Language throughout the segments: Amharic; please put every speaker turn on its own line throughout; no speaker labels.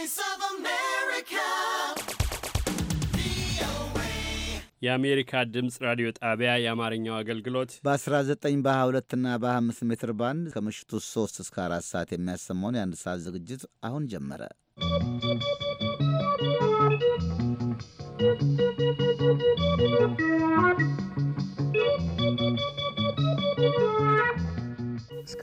Voice
የአሜሪካ ድምፅ ራዲዮ ጣቢያ የአማርኛው አገልግሎት በ19 በ22
እና በ25 ሜትር ባንድ ከምሽቱ 3 እስከ 4 ሰዓት የሚያሰማውን የአንድ ሰዓት ዝግጅት አሁን ጀመረ።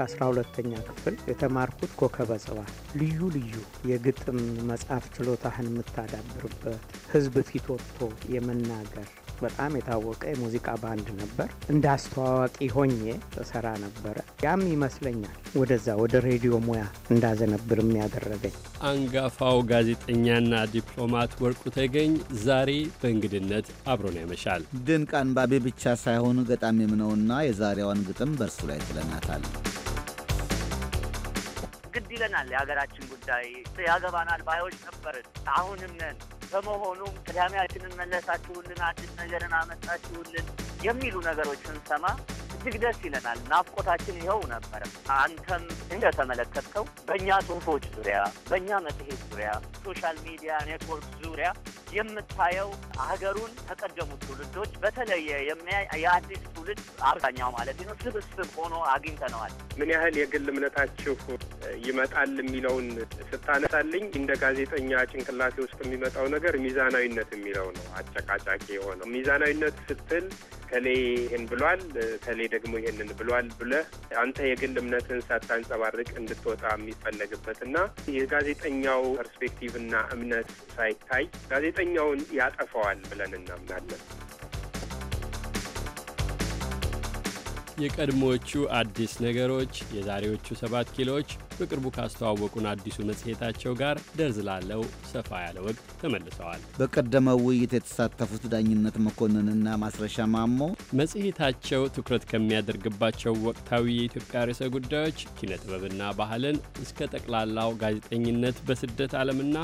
እስከ 12ተኛ ክፍል የተማርኩት ኮከበ ጽባ ልዩ ልዩ የግጥም መጽሐፍ ችሎታህን የምታዳብርበት ህዝብ ፊት ወጥቶ የመናገር በጣም የታወቀ የሙዚቃ ባንድ ነበር። እንደ አስተዋዋቂ ሆኜ ተሰራ ነበረ። ያም ይመስለኛል ወደዛ ወደ ሬዲዮ ሙያ እንዳዘነብርም ያደረገኝ።
አንጋፋው ጋዜጠኛና ዲፕሎማት ወርቁ ተገኝ ዛሬ በእንግድነት አብሮን ያመሻል።
ድንቅ አንባቢ ብቻ ሳይሆን ገጣሚም ነውና የዛሬዋን ግጥም በእርሱ ላይ ጥለናታል።
ግድ ይለናል የሀገራችን ጉዳይ ያገባናል ባዮች ነበርን አሁንም ነን በመሆኑም ቅዳሜያችንን መለሳችሁልን፣ አዲስ ነገርን አመጣችሁልን። የሚሉ ነገሮች ስንሰማ እጅግ ደስ ይለናል። ናፍቆታችን ይኸው ነበረ። አንተም እንደተመለከትከው በእኛ ጽሁፎች ዙሪያ፣ በእኛ መጽሔት ዙሪያ፣ ሶሻል ሚዲያ ኔትወርክ ዙሪያ የምታየው ሀገሩን ተቀደሙት ትውልዶች በተለየ የአዲስ ትውልድ አብዛኛው ማለት ነው ስብስብ ሆኖ አግኝተነዋል።
ምን ያህል የግል እምነታችሁ ይመጣል የሚለውን ስታነሳልኝ እንደ ጋዜጠኛ ጭንቅላቴ ውስጥ የሚመጣው ነገር ሚዛናዊነት የሚለው ነው። አጨቃጫቂ የሆነው ሚዛናዊነት ስትል ከሌ ይህን ብሏል፣ ከሌ ደግሞ ይህንን ብሏል ብለህ አንተ የግል እምነትን ሳታንጸባርቅ እንድትወጣ የሚፈለግበት እና የጋዜጠኛው ፐርስፔክቲቭና እምነት ሳይታይ ጋዜጠኛውን ያጠፈዋል ብለን እናምናለን።
የቀድሞዎቹ አዲስ ነገሮች፣ የዛሬዎቹ ሰባት ኪሎዎች በቅርቡ ካስተዋወቁን አዲሱ መጽሔታቸው ጋር ደርዝ ላለው ሰፋ ያለ ወግ ተመልሰዋል።
በቀደመው ውይይት የተሳተፉት ዳኝነት መኮንንና ማስረሻ ማሞ
መጽሔታቸው ትኩረት ከሚያደርግባቸው ወቅታዊ የኢትዮጵያ ርዕሰ ጉዳዮች ኪነ ጥበብና ባህልን እስከ ጠቅላላው ጋዜጠኝነት በስደት ዓለምና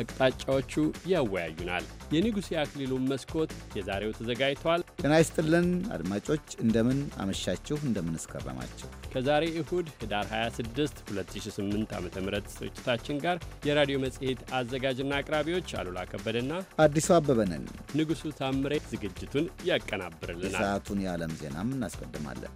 አቅጣጫዎቹ ያወያዩናል። የንጉሴ አክሊሉን መስኮት የዛሬው ተዘጋጅቷል።
ጤና ይስጥልን አድማጮች፣ እንደምን አመሻችሁ፣ እንደምን እስከረማችሁ።
ከዛሬ እሁድ ህዳር 26 2008 ዓ ም ስርጭታችን ጋር የራዲዮ መጽሔት አዘጋጅና አቅራቢዎች አሉላ ከበደና
አዲሱ አበበንን
ንጉሡ ታምሬ ዝግጅቱን ያቀናብርልናል።
ሰዓቱን የዓለም ዜናም እናስቀድማለን።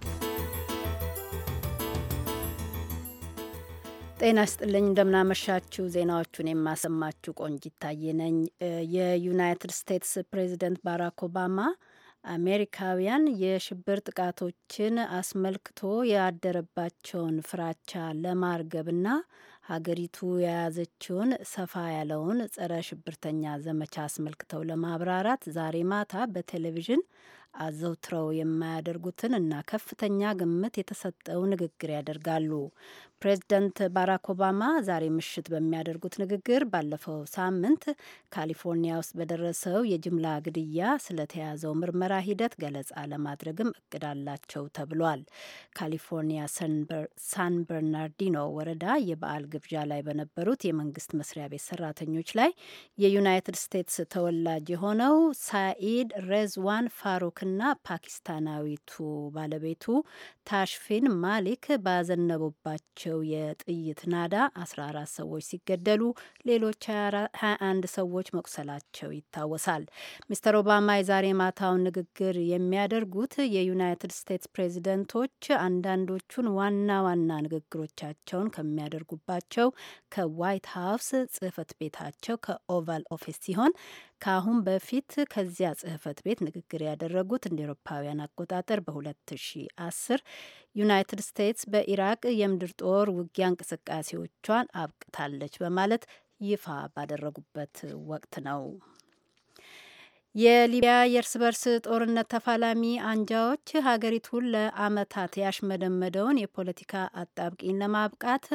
ጤና ስጥልኝ፣ እንደምናመሻችሁ። ዜናዎቹን የማሰማችሁ ቆንጂት ይታየነኝ ነኝ። የዩናይትድ ስቴትስ ፕሬዚደንት ባራክ ኦባማ አሜሪካውያን የሽብር ጥቃቶችን አስመልክቶ ያደረባቸውን ፍራቻ ለማርገብና ሀገሪቱ የያዘችውን ሰፋ ያለውን ጸረ ሽብርተኛ ዘመቻ አስመልክተው ለማብራራት ዛሬ ማታ በቴሌቪዥን አዘውትረው የማያደርጉትን እና ከፍተኛ ግምት የተሰጠው ንግግር ያደርጋሉ። ፕሬዚደንት ባራክ ኦባማ ዛሬ ምሽት በሚያደርጉት ንግግር ባለፈው ሳምንት ካሊፎርኒያ ውስጥ በደረሰው የጅምላ ግድያ ስለተያዘው ምርመራ ሂደት ገለጻ ለማድረግም እቅድ አላቸው ተብሏል። ካሊፎርኒያ ሳን በርናርዲኖ ወረዳ የበዓል ግብዣ ላይ በነበሩት የመንግስት መስሪያ ቤት ሰራተኞች ላይ የዩናይትድ ስቴትስ ተወላጅ የሆነው ሳኢድ ሬዝዋን ፋሩክና ፓኪስታናዊቱ ባለቤቱ ታሽፊን ማሊክ ባዘነቡባቸው በደረሰባቸው የጥይት ናዳ 14 ሰዎች ሲገደሉ ሌሎች 21 ሰዎች መቁሰላቸው ይታወሳል። ሚስተር ኦባማ የዛሬ ማታውን ንግግር የሚያደርጉት የዩናይትድ ስቴትስ ፕሬዚደንቶች አንዳንዶቹን ዋና ዋና ንግግሮቻቸውን ከሚያደርጉባቸው ከዋይት ሀውስ ጽህፈት ቤታቸው ከኦቫል ኦፊስ ሲሆን ከአሁን በፊት ከዚያ ጽህፈት ቤት ንግግር ያደረጉት እንደ ኤሮፓውያን አቆጣጠር በ2010 ዩናይትድ ስቴትስ በኢራቅ የምድር ጦር ውጊያ እንቅስቃሴዎቿን አብቅታለች በማለት ይፋ ባደረጉበት ወቅት ነው። የሊቢያ የእርስ በርስ ጦርነት ተፋላሚ አንጃዎች ሀገሪቱን ለአመታት ያሽመደመደውን የፖለቲካ አጣብቂኝ ለማብቃት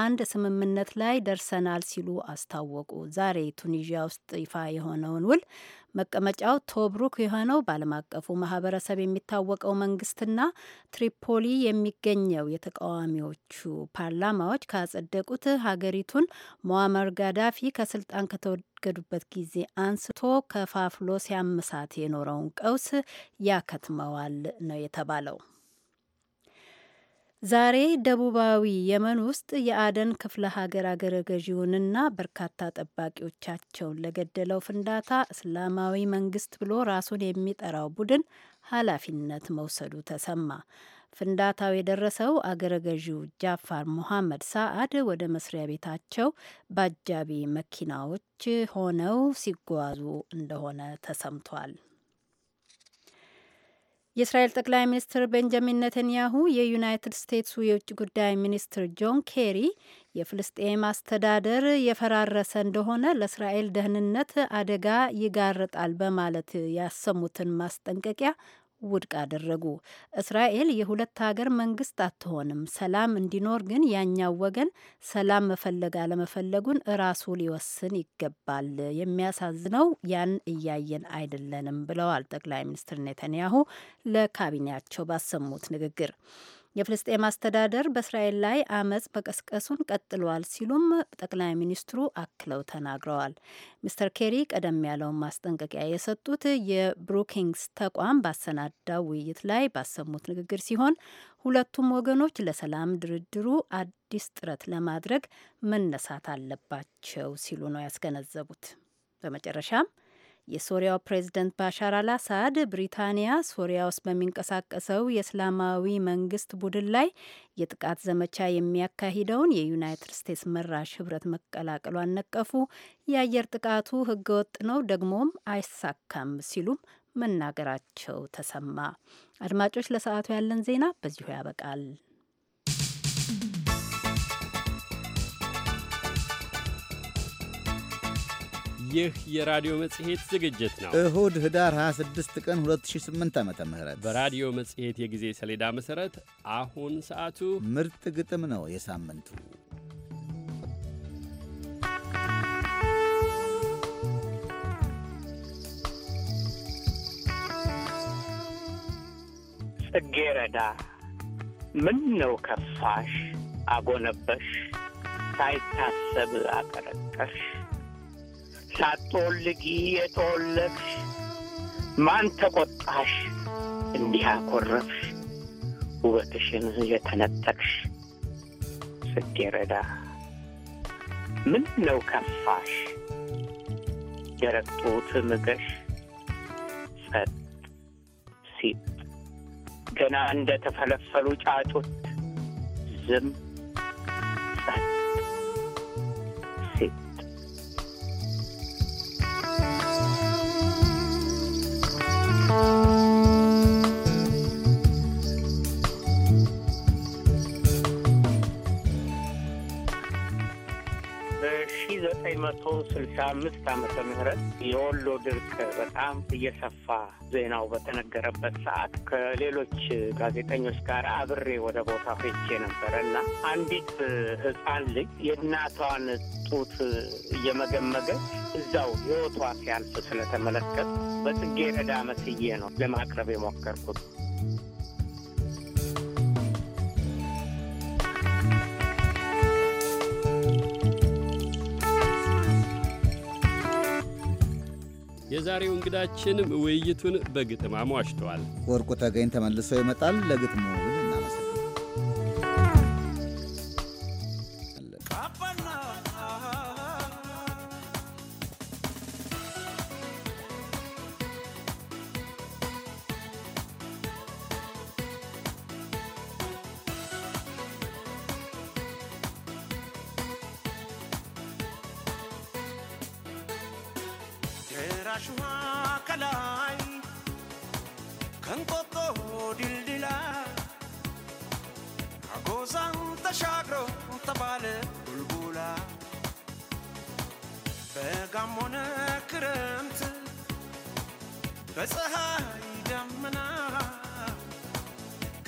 አንድ ስምምነት ላይ ደርሰናል ሲሉ አስታወቁ። ዛሬ ቱኒዥያ ውስጥ ይፋ የሆነውን ውል መቀመጫው ቶብሩክ የሆነው በዓለም አቀፉ ማህበረሰብ የሚታወቀው መንግስትና ትሪፖሊ የሚገኘው የተቃዋሚዎቹ ፓርላማዎች ካጸደቁት ሀገሪቱን ሞአመር ጋዳፊ ከስልጣን ከተወገዱበት ጊዜ አንስቶ ከፋፍሎ ሲያመሳት የኖረውን ቀውስ ያከትመዋል ነው የተባለው። ዛሬ ደቡባዊ የመን ውስጥ የአደን ክፍለ ሀገር አገረ ገዢውንና በርካታ ጠባቂዎቻቸውን ለገደለው ፍንዳታ እስላማዊ መንግስት ብሎ ራሱን የሚጠራው ቡድን ኃላፊነት መውሰዱ ተሰማ። ፍንዳታው የደረሰው አገረ ገዢው ጃፋር ሙሐመድ ሳአድ ወደ መስሪያ ቤታቸው በአጃቢ መኪናዎች ሆነው ሲጓዙ እንደሆነ ተሰምቷል። የእስራኤል ጠቅላይ ሚኒስትር ቤንጃሚን ነተንያሁ የዩናይትድ ስቴትሱ የውጭ ጉዳይ ሚኒስትር ጆን ኬሪ የፍልስጤም አስተዳደር የፈራረሰ እንደሆነ ለእስራኤል ደህንነት አደጋ ይጋርጣል በማለት ያሰሙትን ማስጠንቀቂያ ውድቅ አደረጉ። እስራኤል የሁለት ሀገር መንግስት አትሆንም፣ ሰላም እንዲኖር ግን ያኛው ወገን ሰላም መፈለግ አለመፈለጉን እራሱ ሊወስን ይገባል፣ የሚያሳዝነው ያን እያየን አይደለንም ብለዋል ጠቅላይ ሚኒስትር ኔተንያሁ ለካቢኔያቸው ባሰሙት ንግግር። የፍልስጤም አስተዳደር በእስራኤል ላይ አመፅ መቀስቀሱን ቀጥሏል ሲሉም ጠቅላይ ሚኒስትሩ አክለው ተናግረዋል። ሚስተር ኬሪ ቀደም ያለውን ማስጠንቀቂያ የሰጡት የብሩኪንግስ ተቋም ባሰናዳው ውይይት ላይ ባሰሙት ንግግር ሲሆን ሁለቱም ወገኖች ለሰላም ድርድሩ አዲስ ጥረት ለማድረግ መነሳት አለባቸው ሲሉ ነው ያስገነዘቡት። በመጨረሻም የሶሪያው ፕሬዝደንት ባሻር አልአሳድ ብሪታንያ ሶሪያ ውስጥ በሚንቀሳቀሰው የእስላማዊ መንግስት ቡድን ላይ የጥቃት ዘመቻ የሚያካሂደውን የዩናይትድ ስቴትስ መራሽ ህብረት መቀላቀሏን ነቀፉ። የአየር ጥቃቱ ህገወጥ ነው፣ ደግሞም አይሳካም ሲሉም መናገራቸው ተሰማ። አድማጮች፣ ለሰዓቱ ያለን ዜና በዚሁ ያበቃል።
ይህ የራዲዮ መጽሔት ዝግጅት ነው።
እሁድ ህዳር 26 ቀን 2008 ዓ ም
በራዲዮ መጽሔት የጊዜ ሰሌዳ መሠረት አሁን ሰዓቱ ምርጥ ግጥም ነው። የሳምንቱ
ረዳ ምን
ነው ከፋሽ? አጎነበሽ ሳይታሰብ አቀረቀሽ ሳትጠወልጊ የጠወለግሽ ማን ተቆጣሽ እንዲህ አኮረፍሽ ውበትሽን የተነጠቅሽ ስትረዳ ምን ነው ከፋሽ ደረቅ ምገሽ ጸጥ ሲጥ ገና እንደ ተፈለፈሉ ጫጩት ዝም መቶ ስልሳ አምስት ዓመተ ምህረት የወሎ ድርቅ በጣም እየሰፋ ዜናው በተነገረበት ሰዓት ከሌሎች ጋዜጠኞች ጋር አብሬ ወደ ቦታ ሄጄ ነበረ እና አንዲት ህፃን ልጅ የእናቷን ጡት እየመገመገ እዛው ሕይወቷ ሲያልፍ ስለተመለከት በጽጌረዳ መስዬ ነው ለማቅረብ የሞከርኩት።
የዛሬው እንግዳችን ውይይቱን በግጥም አሟሽተዋል።
ወርቁ ተገኝ ተመልሶ ይመጣል። ለግጥሙ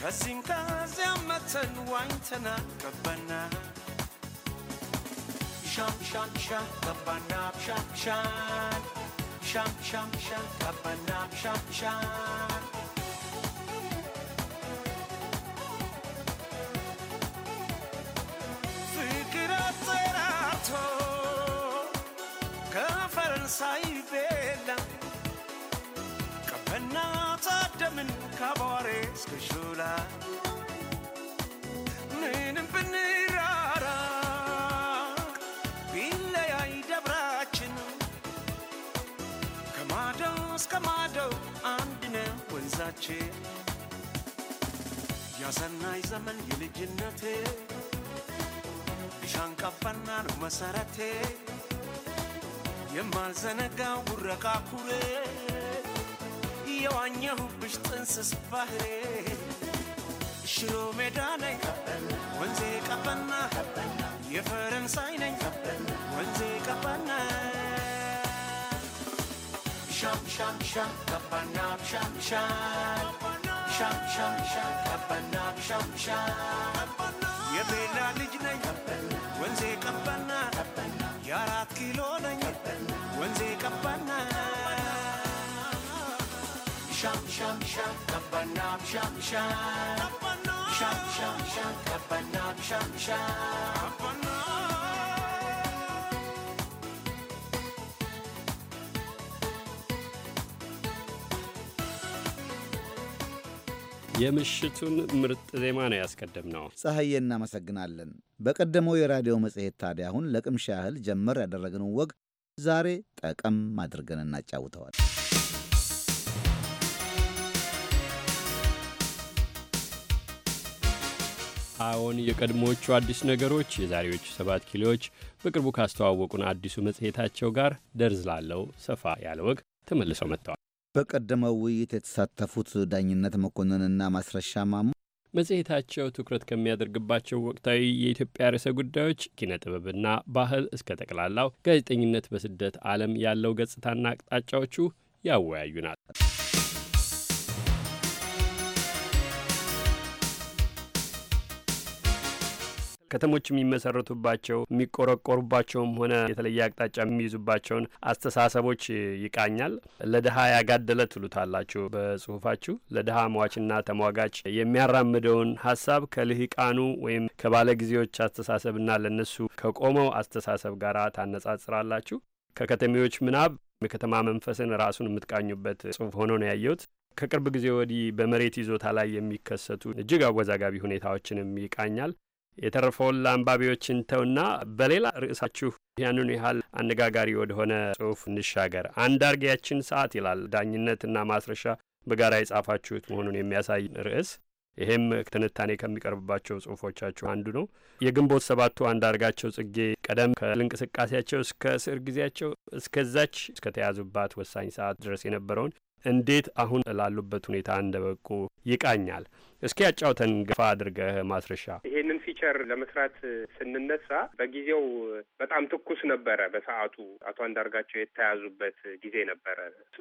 Basinkaze amatan wantana kabana Sham sham sham kabana sham sham Sham sham sham kabana sham sham ፍቅር አጠራቶ ከፈረንሳይ ቤላ ቀበና ታደምን kabare እስከ እንብላ ምንም ብንራራቅ ቢለያይ ደብራችን ከማዶ እስከ ማዶ አንድነ ወንዛችን ያሰናይ ዘመን የልጅነቴ ሻንቀባና ነው መሰረቴ የማልዘነጋው ጉረቃ ኩሬ የዋኘሁብሽ ጥንስስ ባህሬ ሽሮ ሜዳ ነኝ ወንዜ ቀበና የፈረንሳይ ነኝ ወንዜ ቀበና ሻም ሻም ሻም ቀበና ሻም ሻም ሻም ሻም ሻም ቀበና ሻም የቤላ ልጅ ነኝ ወንዜ ቀበና የአራት ኪሎ ነኝ ወንዜ ቀበና ሻም ሻም ሻም ቀበና ሻም ሻም
የምሽቱን ምርጥ ዜማ ነው ያስቀደምነው!
ነው። ፀሐዬ እናመሰግናለን። በቀደመው የራዲዮ መጽሔት ታዲያ አሁን ለቅምሻ ያህል ጀመር ያደረግነው ወግ ዛሬ ጠቀም አድርገን እናጫውተዋል።
አዎን የቀድሞዎቹ አዲስ ነገሮች የዛሬዎቹ ሰባት ኪሎዎች በቅርቡ ካስተዋወቁን አዲሱ መጽሔታቸው ጋር ደርዝ ላለው ሰፋ ያለ ወግ ተመልሰው መጥተዋል። በቀደመው
ውይይት የተሳተፉት ዳኝነት መኮንንና ማስረሻ ማሙ
መጽሔታቸው ትኩረት ከሚያደርግባቸው ወቅታዊ የኢትዮጵያ ርዕሰ ጉዳዮች ኪነ ጥበብና ባህል እስከ ጠቅላላው ጋዜጠኝነት በስደት ዓለም ያለው ገጽታና አቅጣጫዎቹ ያወያዩናል። ከተሞች የሚመሰረቱባቸው የሚቆረቆሩባቸውም ሆነ የተለየ አቅጣጫ የሚይዙባቸውን አስተሳሰቦች ይቃኛል። ለድሀ ያጋደለ ትሉታላችሁ በጽሁፋችሁ። ለድሀ ሟችና ተሟጋች የሚያራምደውን ሀሳብ ከልሂቃኑ ወይም ከባለጊዜዎች አስተሳሰብና ለነሱ ከቆመው አስተሳሰብ ጋር ታነጻጽራላችሁ። ከከተሜዎች ምናብ የከተማ መንፈስን ራሱን የምትቃኙበት ጽሁፍ ሆኖ ነው ያየሁት። ከቅርብ ጊዜ ወዲህ በመሬት ይዞታ ላይ የሚከሰቱ እጅግ አወዛጋቢ ሁኔታዎችንም ይቃኛል። የተረፈውን ለአንባቢዎችን ተውና በሌላ ርዕሳችሁ ያንኑ ያህል አነጋጋሪ ወደሆነ ጽሁፍ እንሻገር። አንዳርጌያችን ሰዓት ይላል። ዳኝነትና ማስረሻ በጋራ የጻፋችሁት መሆኑን የሚያሳይ ርዕስ ይህም ትንታኔ ከሚቀርብባቸው ጽሁፎቻችሁ አንዱ ነው። የግንቦት ሰባቱ አንዳርጋቸው ጽጌ ቀደም ከእንቅስቃሴያቸው እስከ እስር ጊዜያቸው እስከዛች እስከተያዙባት ወሳኝ ሰዓት ድረስ የነበረውን እንዴት አሁን ላሉበት ሁኔታ እንደበቁ ይቃኛል። እስኪ ያጫውተን ገፋ አድርገህ ማስረሻ።
ይሄንን ፊቸር ለመስራት ስንነሳ በጊዜው በጣም ትኩስ ነበረ። በሰዓቱ አቶ አንዳርጋቸው የተያዙበት ጊዜ ነበረ።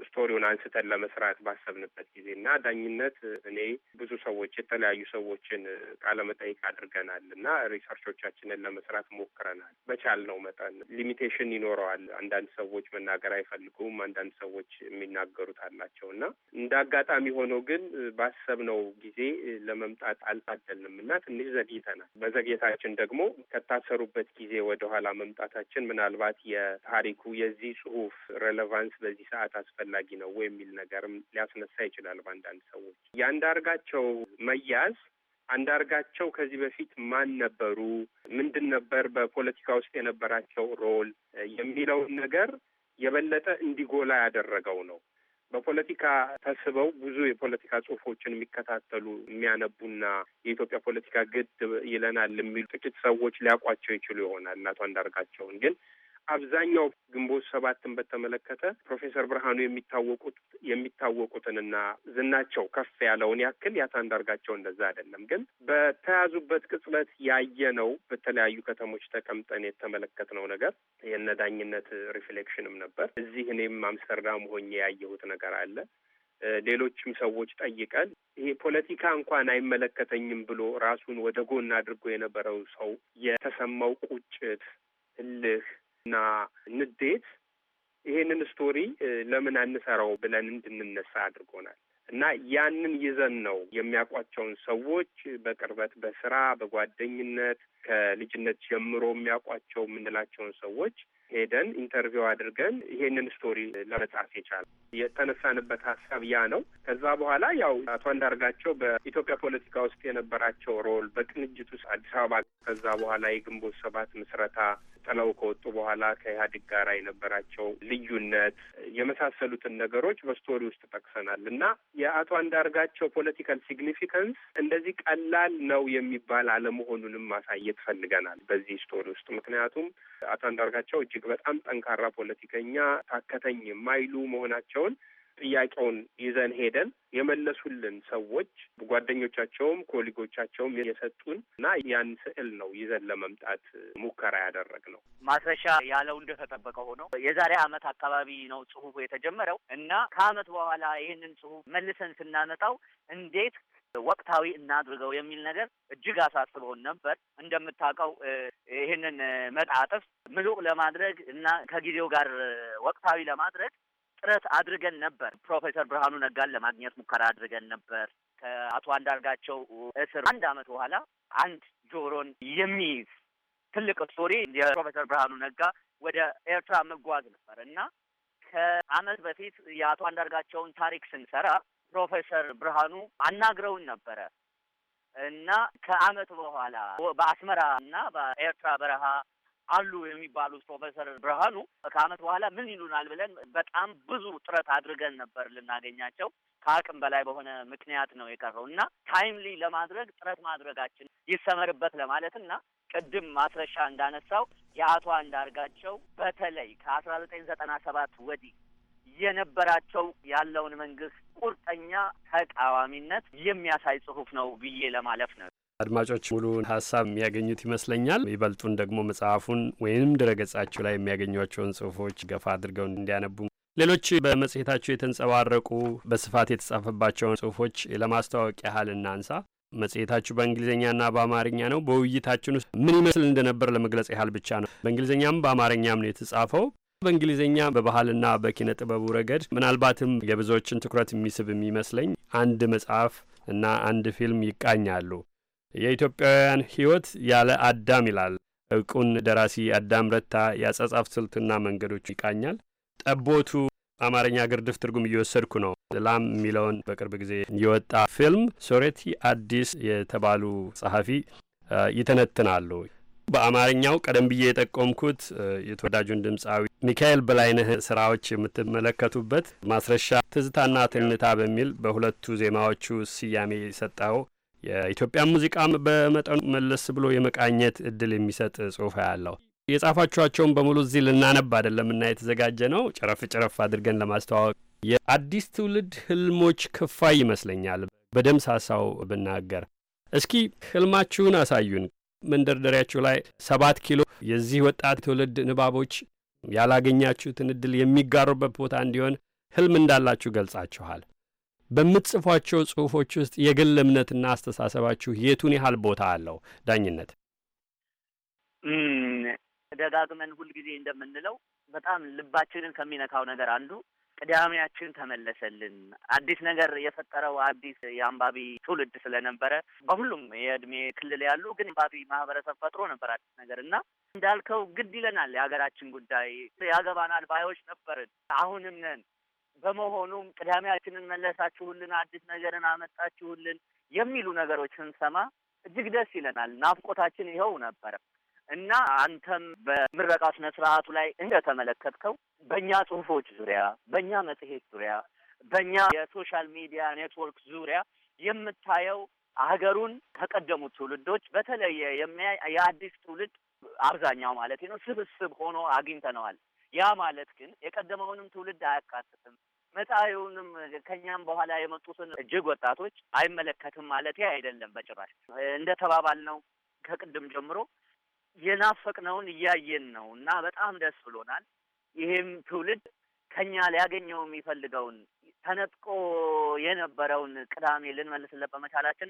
ስቶሪውን አንስተን ለመስራት ባሰብንበት ጊዜ እና ዳኝነት እኔ ብዙ ሰዎች የተለያዩ ሰዎችን ቃለመጠይቅ አድርገናል እና ሪሰርቾቻችንን ለመስራት ሞክረናል። በቻልነው መጠን ሊሚቴሽን ይኖረዋል። አንዳንድ ሰዎች መናገር አይፈልጉም፣ አንዳንድ ሰዎች የሚናገሩት አላቸው እና እንደ አጋጣሚ ሆኖ ግን ባሰብነው ጊዜ ለመምጣት አልታደልንም እና ትንሽ ዘግይተናል። በዘግየታችን ደግሞ ከታሰሩበት ጊዜ ወደኋላ መምጣታችን ምናልባት የታሪኩ የዚህ ጽሁፍ ሬሌቫንስ በዚህ ሰዓት አስፈላጊ ነው ወይ የሚል ነገርም ሊያስነሳ ይችላል በአንዳንድ ሰዎች። የአንዳርጋቸው መያዝ አንዳርጋቸው ከዚህ በፊት ማን ነበሩ፣ ምንድን ነበር በፖለቲካ ውስጥ የነበራቸው ሮል የሚለውን ነገር የበለጠ እንዲጎላ ያደረገው ነው። በፖለቲካ ተስበው ብዙ የፖለቲካ ጽሁፎችን የሚከታተሉ የሚያነቡና የኢትዮጵያ ፖለቲካ ግድ ይለናል የሚሉ ጥቂት ሰዎች ሊያውቋቸው ይችሉ ይሆናል እናቷ አንዳርጋቸውን ግን አብዛኛው ግንቦት ሰባትን በተመለከተ ፕሮፌሰር ብርሃኑ የሚታወቁት የሚታወቁትንና ዝናቸው ከፍ ያለውን ያክል ያታንዳርጋቸው እንደዛ አይደለም። ግን በተያዙበት ቅጽበት ያየነው በተለያዩ ከተሞች ተቀምጠን የተመለከትነው ነገር የነዳኝነት ሪፍሌክሽንም ነበር። እዚህ እኔም አምስተርዳም ሆኜ ያየሁት ነገር አለ። ሌሎችም ሰዎች ጠይቀን ይሄ ፖለቲካ እንኳን አይመለከተኝም ብሎ ራሱን ወደ ጎን አድርጎ የነበረው ሰው የተሰማው ቁጭት፣ እልህ እና ንዴት ይሄንን ስቶሪ ለምን አንሰራው ብለን እንድንነሳ አድርጎናል። እና ያንን ይዘን ነው የሚያውቋቸውን ሰዎች በቅርበት በስራ በጓደኝነት ከልጅነት ጀምሮ የሚያውቋቸው የምንላቸውን ሰዎች ሄደን ኢንተርቪው አድርገን ይሄንን ስቶሪ ለመጻፍ የቻለ የተነሳንበት ሀሳብ ያ ነው። ከዛ በኋላ ያው አቶ አንዳርጋቸው በኢትዮጵያ ፖለቲካ ውስጥ የነበራቸው ሮል በቅንጅት ውስጥ አዲስ አበባ ከዛ በኋላ የግንቦት ሰባት ምስረታ ጥለው ከወጡ በኋላ ከኢህአዴግ ጋር የነበራቸው ልዩነት የመሳሰሉትን ነገሮች በስቶሪ ውስጥ ጠቅሰናል እና የአቶ አንዳርጋቸው ፖለቲካል ሲግኒፊካንስ እንደዚህ ቀላል ነው የሚባል አለመሆኑንም ማሳየት ፈልገናል በዚህ ስቶሪ ውስጥ። ምክንያቱም አቶ አንዳርጋቸው እጅግ በጣም ጠንካራ ፖለቲከኛ፣ ታከተኝ የማይሉ መሆናቸውን ጥያቄውን ይዘን ሄደን የመለሱልን ሰዎች ጓደኞቻቸውም ኮሊጎቻቸውም የሰጡን እና ያን ስዕል ነው ይዘን ለመምጣት ሙከራ ያደረግነው።
ማስረሻ ያለው እንደተጠበቀ ሆኖ የዛሬ ዓመት አካባቢ ነው ጽሁፉ የተጀመረው እና ከዓመት በኋላ ይህንን ጽሁፍ መልሰን ስናመጣው እንዴት ወቅታዊ እናድርገው የሚል ነገር እጅግ አሳስቦን ነበር። እንደምታውቀው ይህንን መጣጥፍ ምሉቅ ለማድረግ እና ከጊዜው ጋር ወቅታዊ ለማድረግ ጥረት አድርገን ነበር። ፕሮፌሰር ብርሃኑ ነጋን ለማግኘት ሙከራ አድርገን ነበር። ከአቶ አንዳርጋቸው እስር አንድ አመት በኋላ አንድ ጆሮን የሚይዝ ትልቅ ስቶሪ የፕሮፌሰር ብርሃኑ ነጋ ወደ ኤርትራ መጓዝ ነበር እና ከአመት በፊት የአቶ አንዳርጋቸውን ታሪክ ስንሰራ ፕሮፌሰር ብርሃኑ አናግረውን ነበረ እና ከአመት በኋላ በአስመራ እና በኤርትራ በረሃ አሉ የሚባሉት ፕሮፌሰር ብርሃኑ ከአመት በኋላ ምን ይሉናል ብለን በጣም ብዙ ጥረት አድርገን ነበር ልናገኛቸው ከአቅም በላይ በሆነ ምክንያት ነው የቀረው እና ታይምሊ ለማድረግ ጥረት ማድረጋችን ይሰመርበት ለማለት እና ቅድም ማስረሻ እንዳነሳው የአቶ አንዳርጋቸው በተለይ ከአስራ ዘጠኝ ዘጠና ሰባት ወዲህ የነበራቸው ያለውን መንግስት ቁርጠኛ ተቃዋሚነት የሚያሳይ ጽሁፍ ነው ብዬ ለማለፍ ነው።
አድማጮች ሙሉ ሀሳብ የሚያገኙት ይመስለኛል። ይበልጡን ደግሞ መጽሐፉን ወይም ድረገጻችሁ ላይ የሚያገኟቸውን ጽሁፎች ገፋ አድርገው እንዲያነቡ ሌሎች በመጽሔታቸው የተንጸባረቁ በስፋት የተጻፈባቸውን ጽሁፎች ለማስተዋወቅ ያህል እናንሳ። መጽሔታችሁ በእንግሊዝኛና በአማርኛ ነው። በውይይታችን ውስጥ ምን ይመስል እንደነበር ለመግለጽ ያህል ብቻ ነው። በእንግሊዝኛም በአማርኛም ነው የተጻፈው። በእንግሊዝኛ በባህልና በኪነ ጥበቡ ረገድ ምናልባትም የብዙዎችን ትኩረት የሚስብ የሚመስለኝ አንድ መጽሐፍ እና አንድ ፊልም ይቃኛሉ። የኢትዮጵያውያን ሕይወት ያለ አዳም ይላል እውቁን ደራሲ አዳም ረታ የአጻጻፍ ስልትና መንገዶች ይቃኛል። ጠቦቱ አማርኛ ግርድፍ ትርጉም እየወሰድኩ ነው። ላም የሚለውን በቅርብ ጊዜ የወጣ ፊልም ሶሬቲ አዲስ የተባሉ ጸሐፊ ይተነትናሉ። በአማርኛው ቀደም ብዬ የጠቆምኩት የተወዳጁን ድምፃዊ ሚካኤል በላይነህ ስራዎች የምትመለከቱበት ማስረሻ ትዝታና ትንታ በሚል በሁለቱ ዜማዎቹ ስያሜ የሰጠኸው የኢትዮጵያን ሙዚቃም በመጠኑ መለስ ብሎ የመቃኘት እድል የሚሰጥ ጽሁፍ ያለው የጻፋችኋቸውን በሙሉ እዚህ ልናነብ አይደለም እና የተዘጋጀ ነው። ጨረፍ ጨረፍ አድርገን ለማስተዋወቅ የአዲስ ትውልድ ህልሞች ክፋይ ይመስለኛል በደምሳሳው ብናገር። እስኪ ህልማችሁን አሳዩን። መንደርደሪያችሁ ላይ ሰባት ኪሎ የዚህ ወጣት ትውልድ ንባቦች ያላገኛችሁትን እድል የሚጋሩበት ቦታ እንዲሆን ህልም እንዳላችሁ ገልጻችኋል። በምትጽፏቸው ጽሁፎች ውስጥ የግል እምነትና አስተሳሰባችሁ የቱን ያህል ቦታ አለው? ዳኝነት
ደጋግመን ሁልጊዜ እንደምንለው በጣም ልባችንን ከሚነካው ነገር አንዱ ቅዳሜያችን ተመለሰልን። አዲስ ነገር የፈጠረው አዲስ የአንባቢ ትውልድ ስለነበረ በሁሉም የእድሜ ክልል ያሉ ግን አንባቢ ማህበረሰብ ፈጥሮ ነበር አዲስ ነገር እና እንዳልከው ግድ ይለናል የሀገራችን ጉዳይ ያገባናል ባዮች ነበርን፣ አሁንም ነን። በመሆኑም ቅዳሜያችንን መለሳችሁልን፣ አዲስ ነገርን አመጣችሁልን የሚሉ ነገሮች ስንሰማ እጅግ ደስ ይለናል። ናፍቆታችን ይኸው ነበረ እና አንተም በምረቃ ስነ ስርዓቱ ላይ እንደተመለከትከው በእኛ ጽሁፎች ዙሪያ፣ በእኛ መጽሔት ዙሪያ፣ በእኛ የሶሻል ሚዲያ ኔትወርክ ዙሪያ የምታየው ሀገሩን ከቀደሙት ትውልዶች በተለየ የሚያይ የአዲስ ትውልድ አብዛኛው ማለት ነው ስብስብ ሆኖ አግኝተነዋል። ያ ማለት ግን የቀደመውንም ትውልድ አያካትትም፣ መጣዩንም ከኛም በኋላ የመጡትን እጅግ ወጣቶች አይመለከትም ማለት አይደለም በጭራሽ። እንደ ተባባል ነው ከቅድም ጀምሮ የናፈቅነውን እያየን ነው እና በጣም ደስ ብሎናል። ይህም ትውልድ ከኛ ሊያገኘው የሚፈልገውን ተነጥቆ የነበረውን ቅዳሜ ልንመልስለት በመቻላችን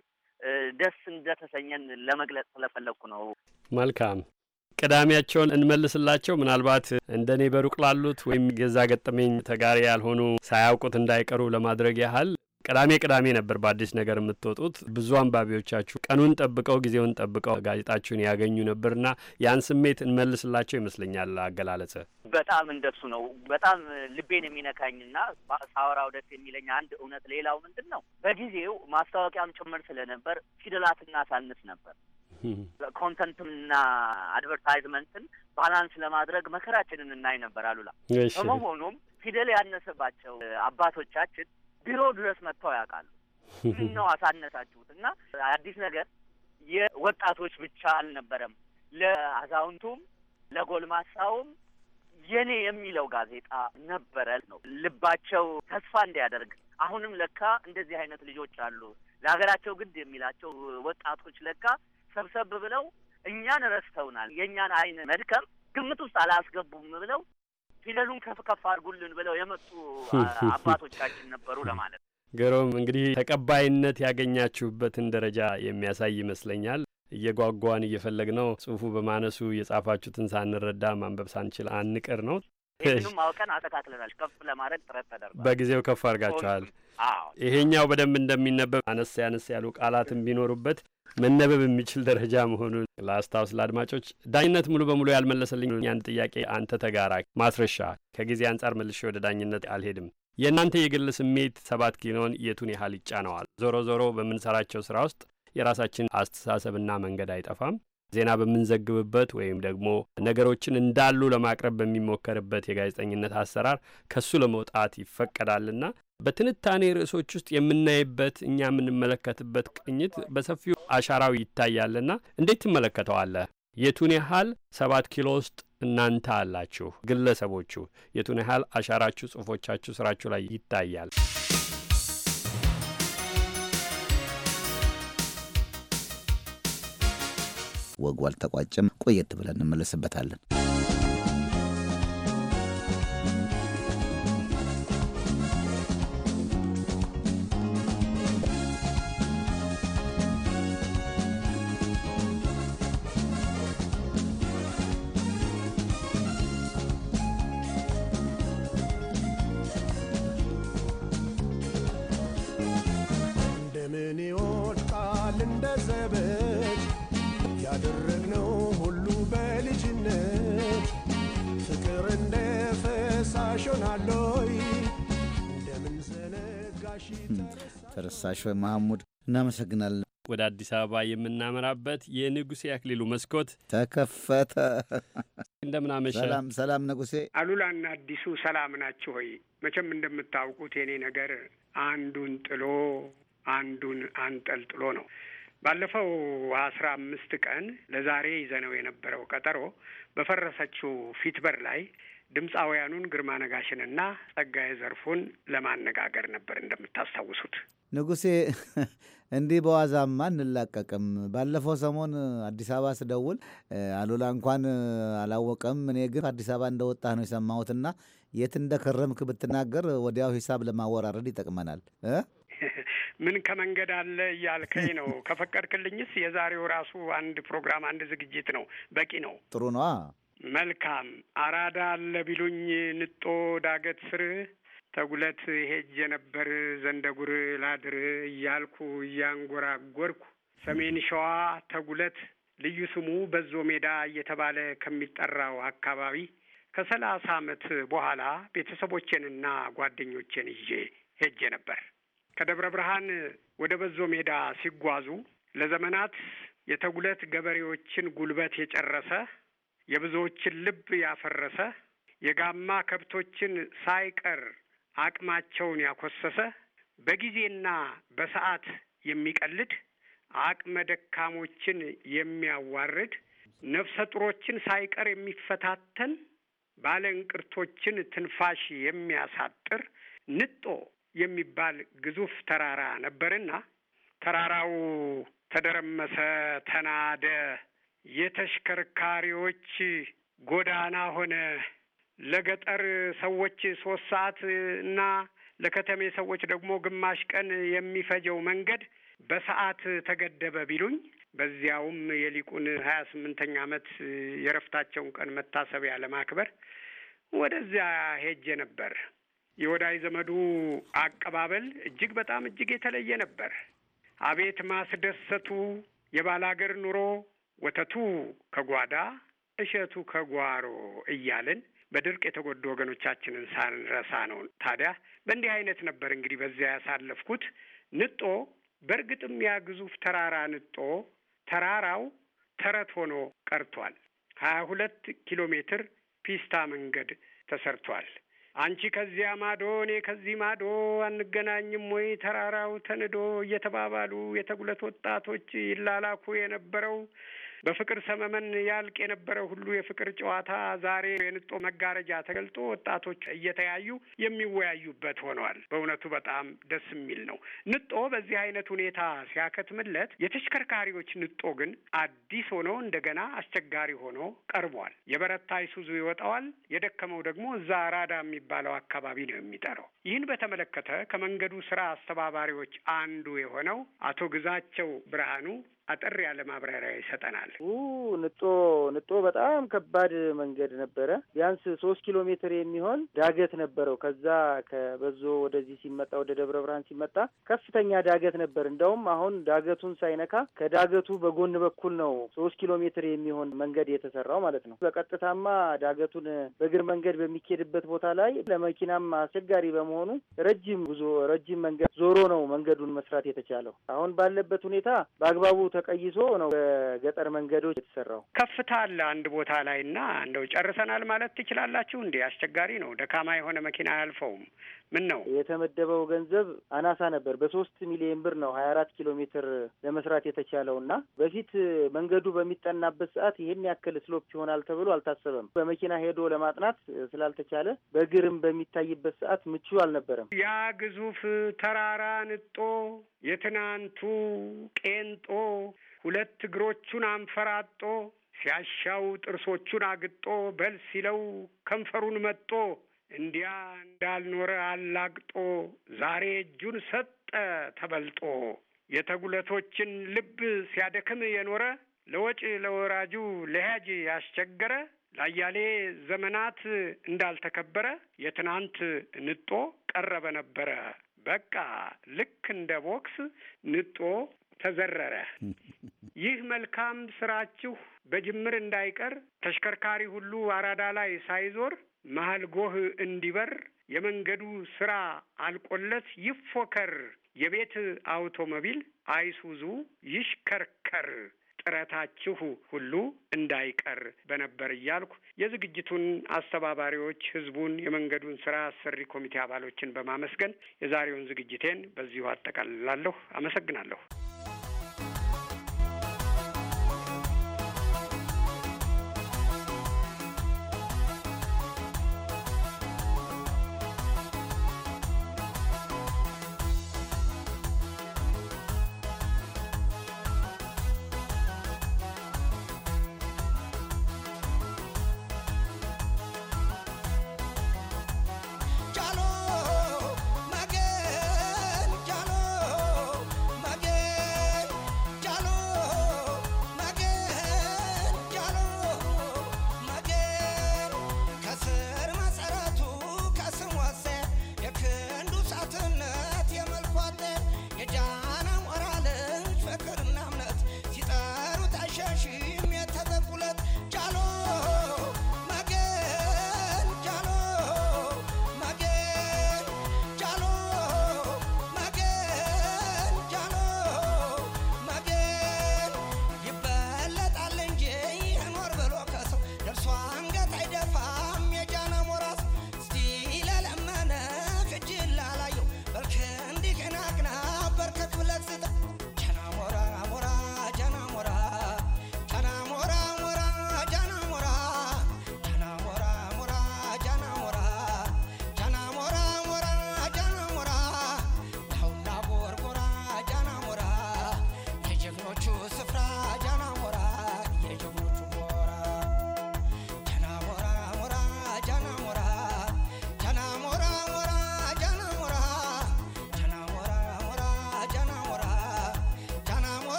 ደስ እንደተሰኘን ለመግለጽ ስለፈለግኩ ነው።
መልካም ቅዳሜያቸውን እንመልስላቸው። ምናልባት እንደ እኔ በሩቅ ላሉት ወይም ገዛ ገጠመኝ ተጋሪ ያልሆኑ ሳያውቁት እንዳይቀሩ ለማድረግ ያህል ቅዳሜ ቅዳሜ ነበር በአዲስ ነገር የምትወጡት። ብዙ አንባቢዎቻችሁ ቀኑን ጠብቀው ጊዜውን ጠብቀው ጋዜጣችሁን ያገኙ ነበርና ያን ስሜት እንመልስላቸው ይመስለኛል። አገላለጽ
በጣም እንደሱ ነው። በጣም ልቤን የሚነካኝና ሳወራው ደስ የሚለኝ አንድ እውነት፣ ሌላው ምንድን ነው፣ በጊዜው ማስታወቂያም ጭምር ስለነበር ፊደላትና እናሳንስ ነበር ኮንተንትና አድቨርታይዝመንትን ባላንስ ለማድረግ መከራችንን እናይ ነበር አሉላ። በመሆኑም ፊደል ያነሰባቸው አባቶቻችን ቢሮ ድረስ መጥተው ያውቃሉ። ነው አሳነሳችሁት እና አዲስ ነገር የወጣቶች ብቻ አልነበረም። ለአዛውንቱም ለጎልማሳውም የኔ የሚለው ጋዜጣ ነበረ ነው ልባቸው ተስፋ እንዲያደርግ አሁንም ለካ እንደዚህ አይነት ልጆች አሉ፣ ለሀገራቸው ግድ የሚላቸው ወጣቶች ለካ ሰብሰብ ብለው እኛን ረስተውናል፣ የእኛን አይን መድከም ግምት ውስጥ አላስገቡም ብለው ፊደሉን ከፍ ከፍ አድርጉልን ብለው የመጡ አባቶቻችን ነበሩ ለማለት ነው።
ገሮም እንግዲህ ተቀባይነት ያገኛችሁበትን ደረጃ የሚያሳይ ይመስለኛል። እየጓጓን እየፈለግ ነው። ጽሁፉ በማነሱ የጻፋችሁትን ሳንረዳ ማንበብ ሳንችል አንቅር ነው። ይህንም
አውቀን አስተካክለናል። ከፍ ለማድረግ ጥረት ተደርጓል። በጊዜው ከፍ አድርጋችኋል።
ይሄኛው በደንብ እንደሚነበብ አነስ ያነስ ያሉ ቃላትም ቢኖሩበት መነበብ የሚችል ደረጃ መሆኑን ለአስታውስ ለአድማጮች። ዳኝነት ሙሉ በሙሉ ያልመለሰልኝ ያን ጥያቄ አንተ ተጋራ ማስረሻ፣ ከጊዜ አንጻር መልሼ ወደ ዳኝነት አልሄድም። የእናንተ የግል ስሜት ሰባት ኪሎን የቱን ያህል ይጫነዋል? ዞሮ ዞሮ በምንሰራቸው ስራ ውስጥ የራሳችን አስተሳሰብና መንገድ አይጠፋም። ዜና በምንዘግብበት ወይም ደግሞ ነገሮችን እንዳሉ ለማቅረብ በሚሞከርበት የጋዜጠኝነት አሰራር ከሱ ለመውጣት ይፈቀዳልና በትንታኔ ርዕሶች ውስጥ የምናይበት እኛ የምንመለከትበት ቅኝት በሰፊው አሻራው ይታያልና እንዴት ትመለከተዋለህ? የቱን ያህል ሰባት ኪሎ ውስጥ እናንተ አላችሁ ግለሰቦቹ፣ የቱን ያህል አሻራችሁ፣ ጽሁፎቻችሁ፣ ስራችሁ ላይ ይታያል?
ወጉ አልተቋጨም። ቆየት ብለን እንመለስበታለን። ሾ መሐሙድ እናመሰግናለን።
ወደ አዲስ አበባ የምናመራበት የንጉሴ አክሊሉ መስኮት
ተከፈተ።
እንደምናመሸ ሰላም ሰላም ንጉሴ።
አሉላና አዲሱ ሰላም ናችሁ ሆይ? መቼም እንደምታውቁት የኔ ነገር አንዱን ጥሎ አንዱን አንጠልጥሎ ነው። ባለፈው አስራ አምስት ቀን ለዛሬ ይዘነው የነበረው ቀጠሮ በፈረሰችው ፊት በር ላይ ድምፃውያኑን ግርማ ነጋሽንና ጸጋዬ ዘርፉን ለማነጋገር ነበር እንደምታስታውሱት።
ንጉሴ እንዲህ በዋዛማ እንላቀቅም። ባለፈው ሰሞን አዲስ አበባ ስደውል አሉላ እንኳን አላወቀም። እኔ ግን አዲስ አበባ እንደወጣ ነው የሰማሁትና የት እንደከረምክ ብትናገር ወዲያው ሂሳብ ለማወራረድ ይጠቅመናል።
ምን ከመንገድ አለ እያልከኝ ነው? ከፈቀድክልኝስ የዛሬው ራሱ አንድ ፕሮግራም አንድ ዝግጅት ነው፣ በቂ ነው። ጥሩ ነዋ። መልካም አራዳ አለ ቢሉኝ ንጦ ዳገት ስር ተጉለት ሄጄ ነበር ዘንደጉር ላድር እያልኩ እያንጎራጎርኩ ሰሜን ሸዋ ተጉለት ልዩ ስሙ በዞ ሜዳ እየተባለ ከሚጠራው አካባቢ ከሰላሳ ዓመት በኋላ ቤተሰቦቼንና ጓደኞቼን ይዤ ሄጄ ነበር። ከደብረ ብርሃን ወደ በዞ ሜዳ ሲጓዙ ለዘመናት የተጉለት ገበሬዎችን ጉልበት የጨረሰ የብዙዎችን ልብ ያፈረሰ የጋማ ከብቶችን ሳይቀር አቅማቸውን ያኮሰሰ፣ በጊዜና በሰዓት የሚቀልድ፣ አቅመ ደካሞችን የሚያዋርድ፣ ነፍሰ ጡሮችን ሳይቀር የሚፈታተን፣ ባለ እንቅርቶችን ትንፋሽ የሚያሳጥር ንጦ የሚባል ግዙፍ ተራራ ነበርና ተራራው ተደረመሰ፣ ተናደ፣ የተሽከርካሪዎች ጎዳና ሆነ ለገጠር ሰዎች ሶስት ሰዓት እና ለከተሜ ሰዎች ደግሞ ግማሽ ቀን የሚፈጀው መንገድ በሰዓት ተገደበ ቢሉኝ በዚያውም የሊቁን ሀያ ስምንተኛ ዓመት የረፍታቸውን ቀን መታሰቢያ ለማክበር ወደዚያ ሄጄ ነበር። የወዳጅ ዘመዱ አቀባበል እጅግ በጣም እጅግ የተለየ ነበር። አቤት ማስደሰቱ! የባላገር ኑሮ ወተቱ ከጓዳ እሸቱ ከጓሮ እያልን በድርቅ የተጎዱ ወገኖቻችንን ሳንረሳ ነው። ታዲያ በእንዲህ አይነት ነበር እንግዲህ በዚያ ያሳለፍኩት ንጦ። በእርግጥም ያ ግዙፍ ተራራ ንጦ ተራራው ተረት ሆኖ ቀርቷል። ሀያ ሁለት ኪሎ ሜትር ፒስታ መንገድ ተሰርቷል። አንቺ ከዚያ ማዶ እኔ ከዚህ ማዶ አንገናኝም ወይ ተራራው ተንዶ እየተባባሉ የተጉለት ወጣቶች ይላላኩ የነበረው በፍቅር ሰመመን ያልቅ የነበረ ሁሉ የፍቅር ጨዋታ ዛሬ የንጦ መጋረጃ ተገልጦ ወጣቶች እየተያዩ የሚወያዩበት ሆነዋል። በእውነቱ በጣም ደስ የሚል ነው። ንጦ በዚህ አይነት ሁኔታ ሲያከትምለት፣ የተሽከርካሪዎች ንጦ ግን አዲስ ሆኖ እንደገና አስቸጋሪ ሆኖ ቀርቧል። የበረታ ይሱዙ ይወጣዋል፣ የደከመው ደግሞ እዛ አራዳ የሚባለው አካባቢ ነው የሚጠራው። ይህን በተመለከተ ከመንገዱ ስራ አስተባባሪዎች አንዱ የሆነው አቶ ግዛቸው ብርሃኑ አጠር ያለ ማብራሪያ ይሰጠናል።
ንጦ ንጦ በጣም ከባድ መንገድ ነበረ። ቢያንስ ሶስት ኪሎ ሜትር የሚሆን ዳገት ነበረው። ከዛ ከበዞ ወደዚህ ሲመጣ ወደ ደብረ ብርሃን ሲመጣ ከፍተኛ ዳገት ነበር። እንደውም አሁን ዳገቱን ሳይነካ ከዳገቱ በጎን በኩል ነው ሶስት ኪሎ ሜትር የሚሆን መንገድ የተሰራው ማለት ነው። በቀጥታማ ዳገቱን በእግር መንገድ በሚኬድበት ቦታ ላይ ለመኪናም አስቸጋሪ በመሆኑ ረጅም ጉዞ ረጅም መንገድ ዞሮ ነው መንገዱን መስራት የተቻለው። አሁን ባለበት ሁኔታ በአግባቡ ተቀይሶ ነው በገጠር መንገዶች የተሰራው።
ከፍታ አለ አንድ ቦታ ላይ እና እንደው ጨርሰናል ማለት ትችላላችሁ እንዲህ አስቸጋሪ ነው። ደካማ የሆነ መኪና አያልፈውም።
ምን ነው የተመደበው ገንዘብ አናሳ ነበር። በሶስት ሚሊዮን ብር ነው ሀያ አራት ኪሎ ሜትር ለመስራት የተቻለው እና በፊት መንገዱ በሚጠናበት ሰዓት ይሄን ያክል ስሎፕ ይሆናል ተብሎ አልታሰበም። በመኪና ሄዶ ለማጥናት ስላልተቻለ በእግርም በሚታይበት ሰዓት ምቹ አልነበረም።
ያ ግዙፍ ተራራ ንጦ የትናንቱ ቄንጦ ሁለት እግሮቹን አንፈራጦ ሲያሻው ጥርሶቹን አግጦ በል ሲለው ከንፈሩን መጦ እንዲያ እንዳልኖረ አላግጦ ዛሬ እጁን ሰጠ ተበልጦ የተጉለቶችን ልብ ሲያደክም የኖረ ለወጪ ለወራጁ ለያጅ ያስቸገረ ለአያሌ ዘመናት እንዳልተከበረ የትናንት ንጦ ቀረበ ነበረ። በቃ ልክ እንደ ቦክስ ንጦ ተዘረረ። ይህ መልካም ስራችሁ በጅምር እንዳይቀር ተሽከርካሪ ሁሉ አራዳ ላይ ሳይዞር መሀል ጎህ እንዲበር የመንገዱ ስራ አልቆለት ይፎከር የቤት አውቶሞቢል አይሱዙ ይሽከርከር ጥረታችሁ ሁሉ እንዳይቀር በነበር እያልኩ የዝግጅቱን አስተባባሪዎች፣ ህዝቡን፣ የመንገዱን ስራ አሰሪ ኮሚቴ አባሎችን በማመስገን የዛሬውን ዝግጅቴን በዚሁ አጠቃልላለሁ። አመሰግናለሁ።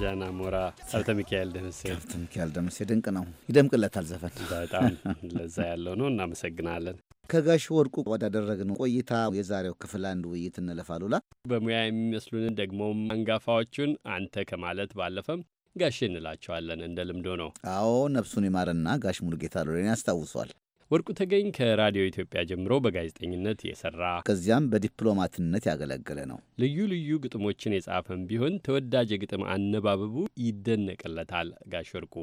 ዣን ሞራ ሀብተ ሚካኤል ደምሴ። ሀብተ ሚካኤል ደምሴ ድንቅ ነው፣ ይደምቅለታል ዘፈን በጣም ለዛ ያለው ነው። እናመሰግናለን።
ከጋሽ ወርቁ ወዳደረግነው ቆይታ የዛሬው ክፍል አንድ ውይይት እንለፋሉላ
በሙያ የሚመስሉንን ደግሞም አንጋፋዎቹን አንተ ከማለት ባለፈም ጋሽ እንላቸዋለን እንደ ልምዶ ነው።
አዎ ነፍሱን ይማርና ጋሽ ሙሉጌታ ሎሬን ያስታውሷል።
ወርቁ ተገኝ ከራዲዮ ኢትዮጵያ ጀምሮ በጋዜጠኝነት የሰራ
ከዚያም በዲፕሎማትነት ያገለገለ ነው።
ልዩ ልዩ ግጥሞችን የጻፈም ቢሆን ተወዳጅ የግጥም አነባበቡ ይደነቅለታል። ጋሽ ወርቁ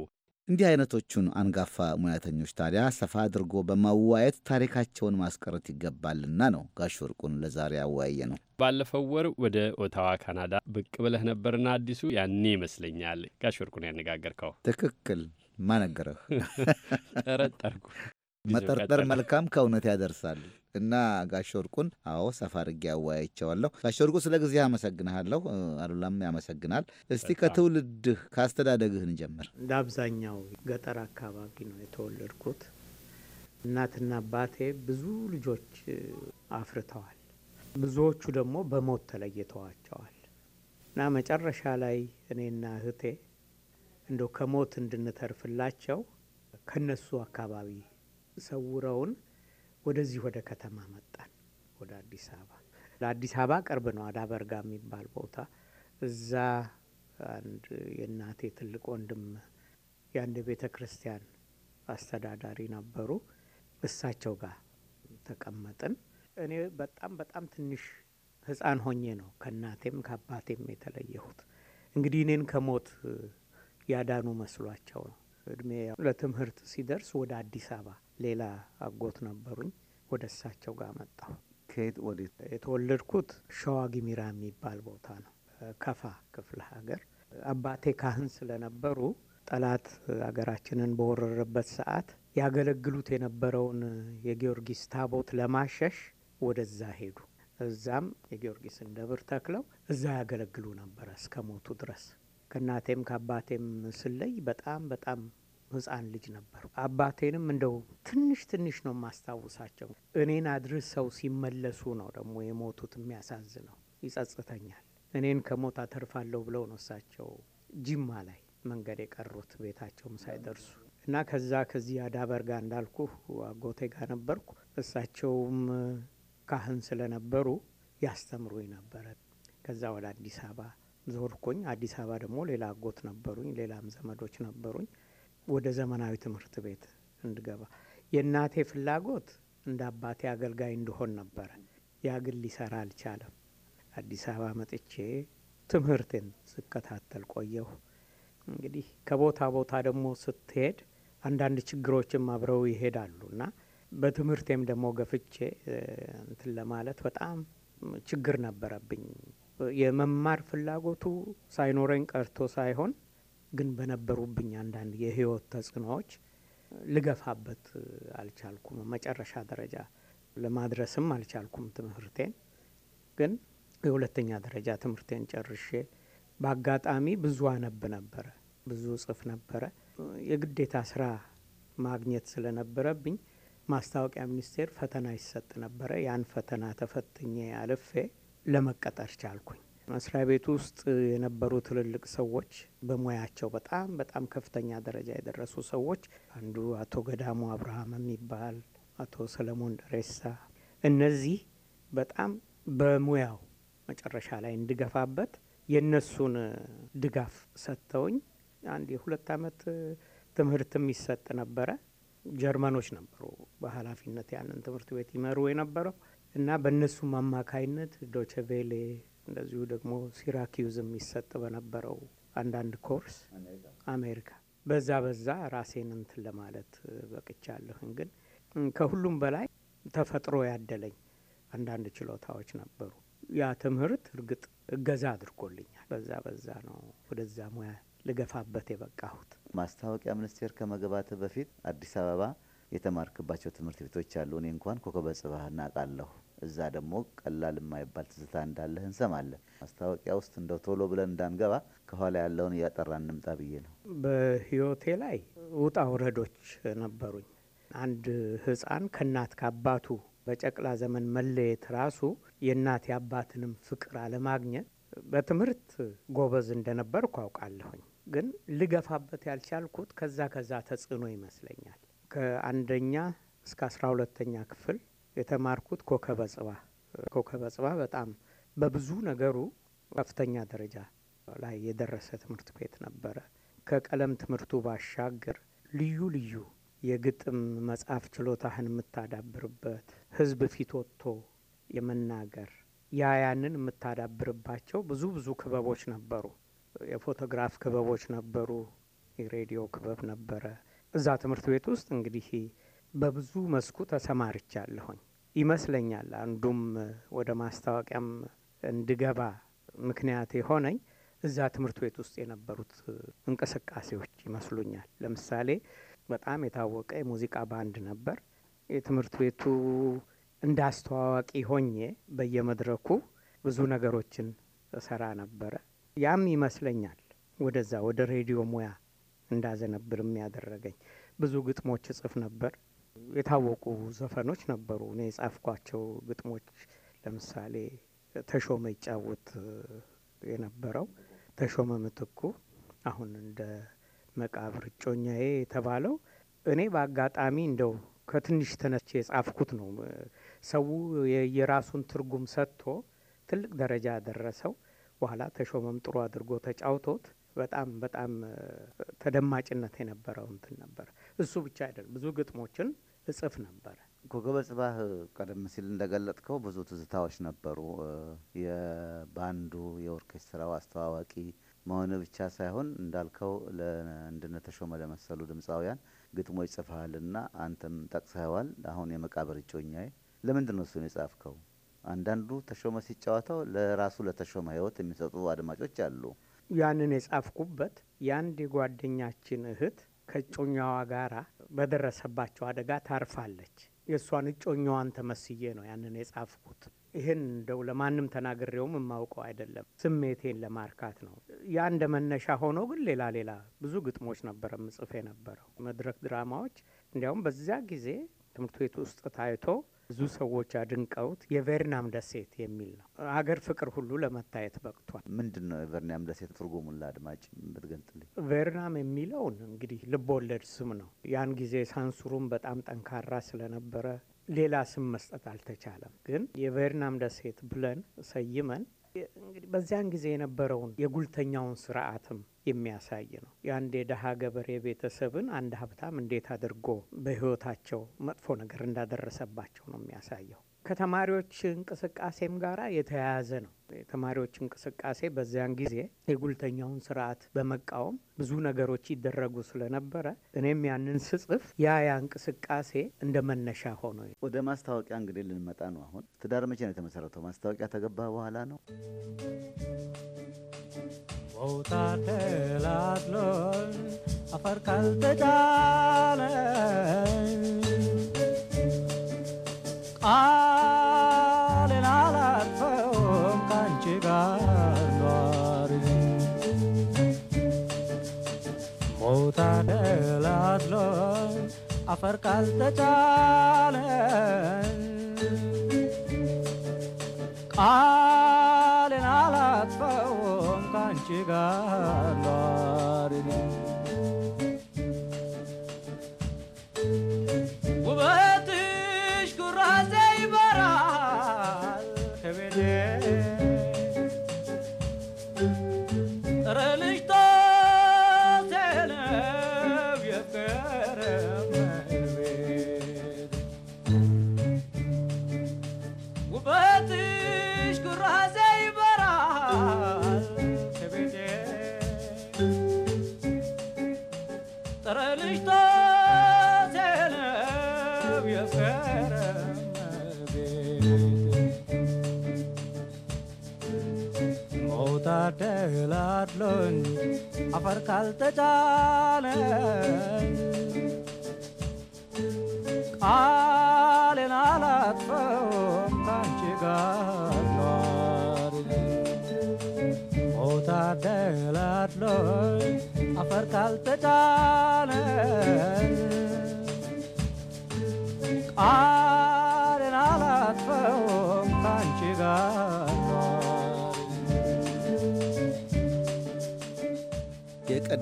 እንዲህ አይነቶቹን አንጋፋ ሙያተኞች ታዲያ ሰፋ አድርጎ በማዋየት ታሪካቸውን ማስቀረት ይገባልና ነው ጋሽ ወርቁን ለዛሬ አወያየ ነው።
ባለፈው ወር ወደ ኦታዋ ካናዳ ብቅ ብለህ ነበርና አዲሱ ያኔ ይመስለኛል ጋሽ ወርቁን ያነጋገርከው።
ትክክል። ማነገረህ
ጠረጠርኩ። መጠርጠር መልካም
ከእውነት ያደርሳል እና ጋሽ ወርቁን አዎ ሰፋ አድርጌ አወያይቸዋለሁ። ጋሽ ወርቁ ስለ ጊዜ አመሰግንሃለሁ። አሉላም ያመሰግናል። እስቲ ከትውልድህ ጀምር እንጀምር።
ለአብዛኛው ገጠር አካባቢ ነው የተወለድኩት። እናትና አባቴ ብዙ ልጆች አፍርተዋል። ብዙዎቹ ደግሞ በሞት ተለይተዋቸዋል እና መጨረሻ ላይ እኔና እህቴ እንደው ከሞት እንድንተርፍላቸው ከነሱ አካባቢ ሰውረውን ወደዚህ ወደ ከተማ መጣን፣ ወደ አዲስ አበባ። ለአዲስ አበባ ቅርብ ነው፣ አዳበርጋ የሚባል ቦታ። እዛ አንድ የእናቴ ትልቅ ወንድም የአንድ ቤተ ክርስቲያን አስተዳዳሪ ነበሩ። እሳቸው ጋር ተቀመጥን። እኔ በጣም በጣም ትንሽ ሕፃን ሆኜ ነው ከእናቴም ከአባቴም የተለየሁት። እንግዲህ እኔን ከሞት ያዳኑ መስሏቸው ነው እድሜ ለትምህርት ሲደርስ ወደ አዲስ አበባ ሌላ አጎት ነበሩኝ። ወደ እሳቸው ጋር መጣሁ። ከየት ወዴት? የተወለድኩት ሸዋ ጊሚራ የሚባል ቦታ ነው፣ ከፋ ክፍለ ሀገር። አባቴ ካህን ስለነበሩ ጠላት ሀገራችንን በወረረበት ሰዓት ያገለግሉት የነበረውን የጊዮርጊስ ታቦት ለማሸሽ ወደዛ ሄዱ። እዛም የጊዮርጊስን ደብር ተክለው እዛ ያገለግሉ ነበረ እስከ ሞቱ ድረስ። ከእናቴም ከአባቴም ስለይ በጣም በጣም ህፃን ልጅ ነበር። አባቴንም እንደው ትንሽ ትንሽ ነው የማስታውሳቸው። እኔን አድርሰው ሲመለሱ ነው ደግሞ የሞቱት። የሚያሳዝነው ይጸጽተኛል። እኔን ከሞት አተርፋለሁ ብለው ነው እሳቸው ጅማ ላይ መንገድ የቀሩት ቤታቸውም ሳይደርሱ እና ከዛ ከዚህ አዳበር ጋር እንዳልኩ አጎቴ ጋር ነበርኩ። እሳቸውም ካህን ስለነበሩ ያስተምሩኝ ነበረ። ከዛ ወደ አዲስ አበባ ዞርኩኝ። አዲስ አበባ ደግሞ ሌላ አጎት ነበሩኝ፣ ሌላም ዘመዶች ነበሩኝ። ወደ ዘመናዊ ትምህርት ቤት እንድገባ የእናቴ ፍላጎት እንደ አባቴ አገልጋይ እንድሆን ነበረ። ያ ግን ሊሰራ አልቻለም። አዲስ አበባ መጥቼ ትምህርትን ስከታተል ቆየሁ። እንግዲህ ከቦታ ቦታ ደግሞ ስትሄድ አንዳንድ ችግሮችም አብረው ይሄዳሉ እና በትምህርቴም ደግሞ ገፍቼ እንትን ለማለት በጣም ችግር ነበረብኝ። የመማር ፍላጎቱ ሳይኖረኝ ቀርቶ ሳይሆን ግን በነበሩብኝ አንዳንድ የህይወት ተጽዕኖዎች ልገፋበት አልቻልኩም። መጨረሻ ደረጃ ለማድረስም አልቻልኩም ትምህርቴን። ግን የሁለተኛ ደረጃ ትምህርቴን ጨርሼ በአጋጣሚ ብዙ አነብ ነበረ፣ ብዙ ጽፍ ነበረ። የግዴታ ስራ ማግኘት ስለነበረብኝ ማስታወቂያ ሚኒስቴር ፈተና ይሰጥ ነበረ። ያን ፈተና ተፈትኜ አልፌ ለመቀጠር ቻልኩኝ። መስሪያ ቤት ውስጥ የነበሩ ትልልቅ ሰዎች በሙያቸው በጣም በጣም ከፍተኛ ደረጃ የደረሱ ሰዎች አንዱ አቶ ገዳሙ አብርሃም የሚባል አቶ ሰለሞን ደሬሳ፣ እነዚህ በጣም በሙያው መጨረሻ ላይ እንድገፋበት የእነሱን ድጋፍ ሰጥተውኝ አንድ የሁለት ዓመት ትምህርት የሚሰጥ ነበረ። ጀርመኖች ነበሩ በኃላፊነት ያንን ትምህርት ቤት ይመሩ የነበረው። እና በእነሱም አማካይነት ዶቸቬሌ እንደዚሁ ደግሞ ሲራኪዩዝ የሚሰጥ በነበረው አንዳንድ ኮርስ አሜሪካ በዛ በዛ ራሴን እንትን ለማለት በቅቻለሁኝ። ግን ከሁሉም በላይ ተፈጥሮ ያደለኝ አንዳንድ ችሎታዎች ነበሩ። ያ ትምህርት እርግጥ እገዛ አድርጎልኛል። በዛ በዛ ነው ወደዛ ሙያ ልገፋበት የበቃሁት።
ማስታወቂያ ሚኒስቴር ከመግባት በፊት አዲስ አበባ የተማርክባቸው ትምህርት ቤቶች አሉ። እኔ እንኳን ኮከበ ጽባህ እናውቃለሁ። እዛ ደግሞ ቀላል የማይባል ትዝታ እንዳለህ እንሰማለን። ማስታወቂያ ውስጥ እንደው ቶሎ ብለን እንዳንገባ ከኋላ ያለውን እያጠራ እንምጣ ብዬ ነው።
በህይወቴ ላይ ውጣ ውረዶች ነበሩኝ። አንድ ህፃን ከእናት ከአባቱ በጨቅላ ዘመን መለየት ራሱ የእናት የአባትንም ፍቅር አለማግኘት በትምህርት ጎበዝ እንደነበርኩ አውቃለሁኝ። ግን ልገፋበት ያልቻልኩት ከዛ ከዛ ተጽዕኖ ይመስለኛል ከአንደኛ እስከ አስራ ሁለተኛ ክፍል የተማርኩት ኮከበ ጽባ ኮከበ ጽባ በጣም በብዙ ነገሩ ከፍተኛ ደረጃ ላይ የደረሰ ትምህርት ቤት ነበረ። ከቀለም ትምህርቱ ባሻገር ልዩ ልዩ የግጥም መጽሐፍ ችሎታህን የምታዳብርበት ህዝብ ፊት ወጥቶ የመናገር ያ ያንን የምታዳብርባቸው ብዙ ብዙ ክበቦች ነበሩ። የፎቶግራፍ ክበቦች ነበሩ። የሬዲዮ ክበብ ነበረ። እዛ ትምህርት ቤት ውስጥ እንግዲህ በብዙ መስኩ ተሰማርቻለሁኝ ይመስለኛል። አንዱም ወደ ማስታወቂያም እንድገባ ምክንያት የሆነኝ እዛ ትምህርት ቤት ውስጥ የነበሩት እንቅስቃሴዎች ይመስሉኛል። ለምሳሌ በጣም የታወቀ የሙዚቃ ባንድ ነበር። የትምህርት ቤቱ እንዳስተዋዋቂ ሆኜ በየመድረኩ ብዙ ነገሮችን ሰራ ነበረ። ያም ይመስለኛል ወደዛ ወደ ሬዲዮ ሙያ እንዳዘነብርም ያደረገኝ። ብዙ ግጥሞች ጽፍ ነበር። የታወቁ ዘፈኖች ነበሩ እኔ የጻፍኳቸው ግጥሞች ለምሳሌ ተሾመ ይጫወት የነበረው ተሾመ ምትኩ አሁን እንደ መቃብር እጮኛዬ የተባለው እኔ በአጋጣሚ እንደው ከትንሽ ተነስቼ የጻፍኩት ነው። ሰው የራሱን ትርጉም ሰጥቶ ትልቅ ደረጃ ያደረሰው በኋላ ተሾመም ጥሩ አድርጎ ተጫውቶት በጣም በጣም ተደማጭነት የነበረው እንትን ነበር። እሱ ብቻ አይደለም፣ ብዙ ግጥሞችን እጽፍ ነበረ።
ኮከበ ጽባህ ቀደም ሲል እንደገለጥከው ብዙ ትዝታዎች ነበሩ። የባንዱ የኦርኬስትራው አስተዋዋቂ መሆን ብቻ ሳይሆን እንዳልከው ለእንድነ ተሾመ ለመሰሉ ድምፃውያን ግጥሞች ጽፈሃልና አንተም ጠቅሰኸዋል። አሁን የመቃብር እጮኛዬ ለምንድን ነው እሱን የጻፍከው? አንዳንዱ ተሾመ ሲጫወተው ለራሱ ለተሾመ ህይወት የሚሰጡ አድማጮች አሉ።
ያንን የጻፍኩበት የአንድ የጓደኛችን እህት ከእጮኛዋ ጋራ በደረሰባቸው አደጋ ታርፋለች። የእሷን እጮኛዋን ተመስዬ ነው ያንን የጻፍኩት። ይህን እንደው ለማንም ተናግሬውም የማውቀው አይደለም፣ ስሜቴን ለማርካት ነው። ያ እንደ መነሻ ሆኖ ግን ሌላ ሌላ ብዙ ግጥሞች ነበረ የምጽፍ የነበረው መድረክ ድራማዎች። እንዲያውም በዚያ ጊዜ ትምህርት ቤት ውስጥ ታይቶ ብዙ ሰዎች አድንቀውት የቬርናም ደሴት የሚል ነው። አገር ፍቅር ሁሉ ለመታየት በቅቷል።
ምንድን ነው የቬርናም ደሴት ትርጉሙን ለአድማጭ ብትገልጥልኝ?
ቬርናም የሚለውን እንግዲህ ልቦወለድ ስም ነው። ያን ጊዜ ሳንሱሩም በጣም ጠንካራ ስለነበረ ሌላ ስም መስጠት አልተቻለም። ግን የቬርናም ደሴት ብለን ሰይመን
እንግዲህ በዚያን
ጊዜ የነበረውን የጉልተኛውን ስርዓትም የሚያሳይ ነው። የአንድ የደሃ ገበሬ ቤተሰብን አንድ ሀብታም እንዴት አድርጎ በህይወታቸው መጥፎ ነገር እንዳደረሰባቸው ነው የሚያሳየው። ከተማሪዎች እንቅስቃሴም ጋር የተያያዘ ነው። የተማሪዎች እንቅስቃሴ በዚያን ጊዜ የጉልተኛውን ስርዓት በመቃወም ብዙ ነገሮች ይደረጉ ስለነበረ እኔም ያንን ስጽፍ ያ ያ እንቅስቃሴ እንደ መነሻ ሆኖ
ወደ ማስታወቂያ እንግዲህ ልንመጣ ነው። አሁን ትዳር መቼ ነው የተመሰረተው? ማስታወቂያ ተገባ በኋላ ነው።
ቦታ
ተላድሎን አፈር አሌን አላልፈውም ካንቺ ጋር ኗሪ ሞታ ደላትሎ አፈር አላጥፈውም ጋር ሰፈር ካልተቻለ ቃሌን አላጥፈውም ካንቺ ጋር ሞታደላድሎይ አፈር ካልተቻለ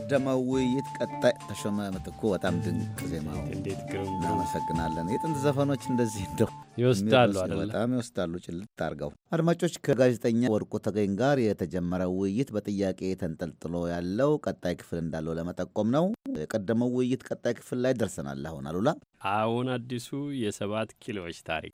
ቀደመው ውይይት ቀጣይ ተሾመ ምትኩ በጣም ድንቅ ዜማ እናመሰግናለን። የጥንት ዘፈኖች እንደዚህ እንደው ይወስዳሉ፣ በጣም ይወስዳሉ ጭልጥ አድርገው። አድማጮች ከጋዜጠኛ ወርቁ ተገኝ ጋር የተጀመረው ውይይት በጥያቄ ተንጠልጥሎ ያለው ቀጣይ ክፍል እንዳለው ለመጠቆም ነው። የቀደመው ውይይት ቀጣይ ክፍል ላይ ደርሰናል። አሁን
አሉላ፣ አሁን አዲሱ የሰባት ኪሎዎች ታሪክ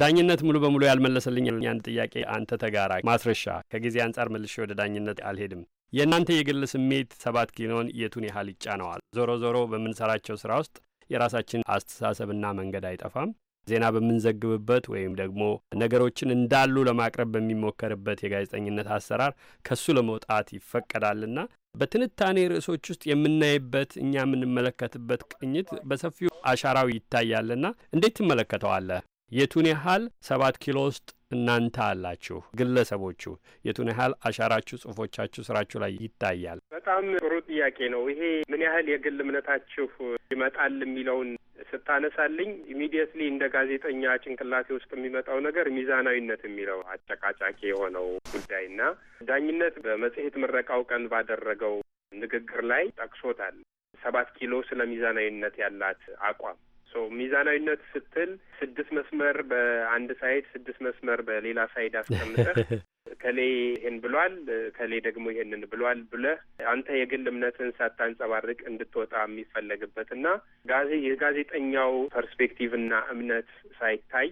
ዳኝነት ሙሉ በሙሉ ያልመለሰልኝ ያን ጥያቄ አንተ ተጋራ ማስረሻ ከጊዜ አንጻር መልሼ ወደ ዳኝነት አልሄድም። የእናንተ የግል ስሜት ሰባት ኪሎን የቱን ያህል ይጫነዋል? ዞሮ ዞሮ በምንሰራቸው ስራ ውስጥ የራሳችን አስተሳሰብና መንገድ አይጠፋም። ዜና በምንዘግብበት ወይም ደግሞ ነገሮችን እንዳሉ ለማቅረብ በሚሞከርበት የጋዜጠኝነት አሰራር ከሱ ለመውጣት ይፈቀዳልና በትንታኔ ርዕሶች ውስጥ የምናይበት እኛ የምንመለከትበት ቅኝት በሰፊው አሻራው ይታያልና እንዴት ትመለከተዋለህ? የቱን ያህል ሰባት ኪሎ ውስጥ እናንተ አላችሁ ግለሰቦቹ የቱን ያህል አሻራችሁ፣ ጽሁፎቻችሁ፣ ስራችሁ ላይ ይታያል?
በጣም ጥሩ ጥያቄ ነው። ይሄ ምን ያህል የግል እምነታችሁ ይመጣል የሚለውን ስታነሳልኝ ኢሚዲየትሊ እንደ ጋዜጠኛ ጭንቅላቴ ውስጥ የሚመጣው ነገር ሚዛናዊነት የሚለው አጨቃጫቂ የሆነው ጉዳይና ዳኝነት በመጽሔት ምረቃው ቀን ባደረገው ንግግር ላይ ጠቅሶታል። ሰባት ኪሎ ስለ ሚዛናዊነት ያላት አቋም ሚዛናዊነት ስትል ስድስት መስመር በአንድ ሳይድ ስድስት መስመር በሌላ ሳይድ አስቀምጠህ ከሌ ይሄን ብሏል ከሌ ደግሞ ይሄንን ብሏል ብለህ አንተ የግል እምነትን ሳታንጸባርቅ እንድትወጣ የሚፈለግበት እና የጋዜጠኛው ፐርስፔክቲቭና እምነት ሳይታይ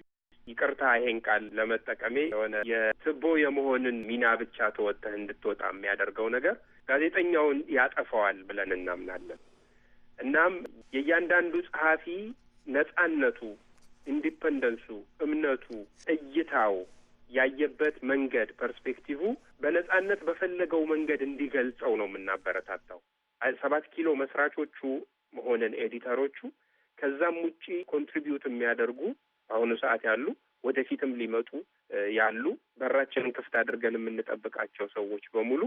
ይቅርታ ይሄን ቃል ለመጠቀሜ የሆነ የትቦ የመሆንን ሚና ብቻ ተወጥተህ እንድትወጣ የሚያደርገው ነገር ጋዜጠኛውን ያጠፋዋል ብለን እናምናለን። እናም የእያንዳንዱ ጸሐፊ ነጻነቱ፣ ኢንዲፐንደንሱ፣ እምነቱ፣ እይታው ያየበት መንገድ ፐርስፔክቲቭ በነጻነት በፈለገው መንገድ እንዲገልጸው ነው የምናበረታታው። ሰባት ኪሎ መስራቾቹ መሆንን ኤዲተሮቹ ከዛም ውጪ ኮንትሪቢዩት የሚያደርጉ በአሁኑ ሰዓት ያሉ ወደፊትም ሊመጡ ያሉ በራችንን ክፍት አድርገን የምንጠብቃቸው ሰዎች በሙሉ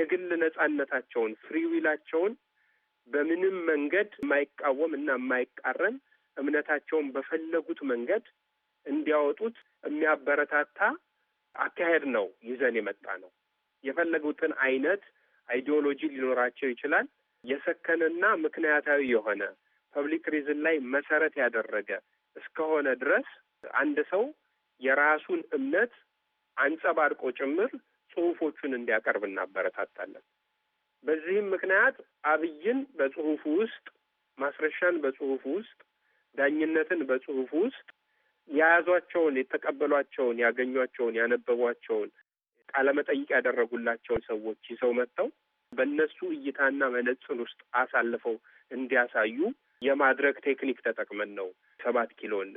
የግል ነጻነታቸውን ፍሪዊላቸውን በምንም መንገድ የማይቃወም እና የማይቃረን እምነታቸውን በፈለጉት መንገድ እንዲያወጡት የሚያበረታታ አካሄድ ነው ይዘን የመጣ ነው። የፈለጉትን አይነት አይዲዮሎጂ ሊኖራቸው ይችላል። የሰከነና ምክንያታዊ የሆነ ፐብሊክ ሪዝን ላይ መሰረት ያደረገ እስከሆነ ድረስ አንድ ሰው የራሱን እምነት አንጸባርቆ ጭምር ጽሁፎቹን እንዲያቀርብ እናበረታታለን። በዚህም ምክንያት አብይን በጽሁፉ ውስጥ ማስረሻን በጽሁፉ ውስጥ ዳኝነትን በጽሁፍ ውስጥ የያዟቸውን፣ የተቀበሏቸውን፣ ያገኟቸውን፣ ያነበቧቸውን ቃለመጠይቅ ያደረጉላቸውን ሰዎች ይዘው መጥተው በእነሱ እይታና መነጽር ውስጥ አሳልፈው እንዲያሳዩ የማድረግ ቴክኒክ ተጠቅመን ነው ሰባት ኪሎን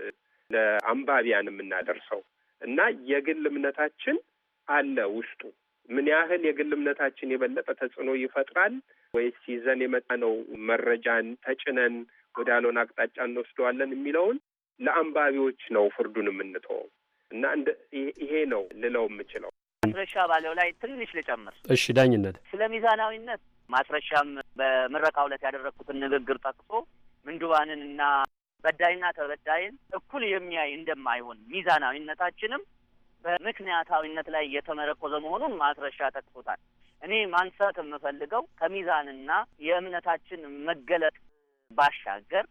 ለአንባቢያን የምናደርሰው እና የግል እምነታችን አለ ውስጡ። ምን ያህል የግል እምነታችን የበለጠ ተጽዕኖ ይፈጥራል ወይስ ይዘን የመጣ ነው መረጃን ተጭነን ወደ ያልሆነ አቅጣጫ እንወስደዋለን የሚለውን ለአንባቢዎች ነው ፍርዱን የምንተወው እና እንደ ይሄ ነው ልለው የምችለው።
ማስረሻ ባለው ላይ ትንሽ ልጨምር።
እሺ፣ ዳኝነት
ስለ ሚዛናዊነት ማስረሻም በምረቃ ዕለት ያደረግኩትን ንግግር ጠቅሶ ምንድባንን እና በዳይና ተበዳይን እኩል የሚያይ እንደማይሆን ሚዛናዊነታችንም በምክንያታዊነት ላይ እየተመረኮዘ መሆኑን ማስረሻ ጠቅሶታል። እኔ ማንሳት የምፈልገው ከሚዛንና የእምነታችን መገለጥ ባሻገር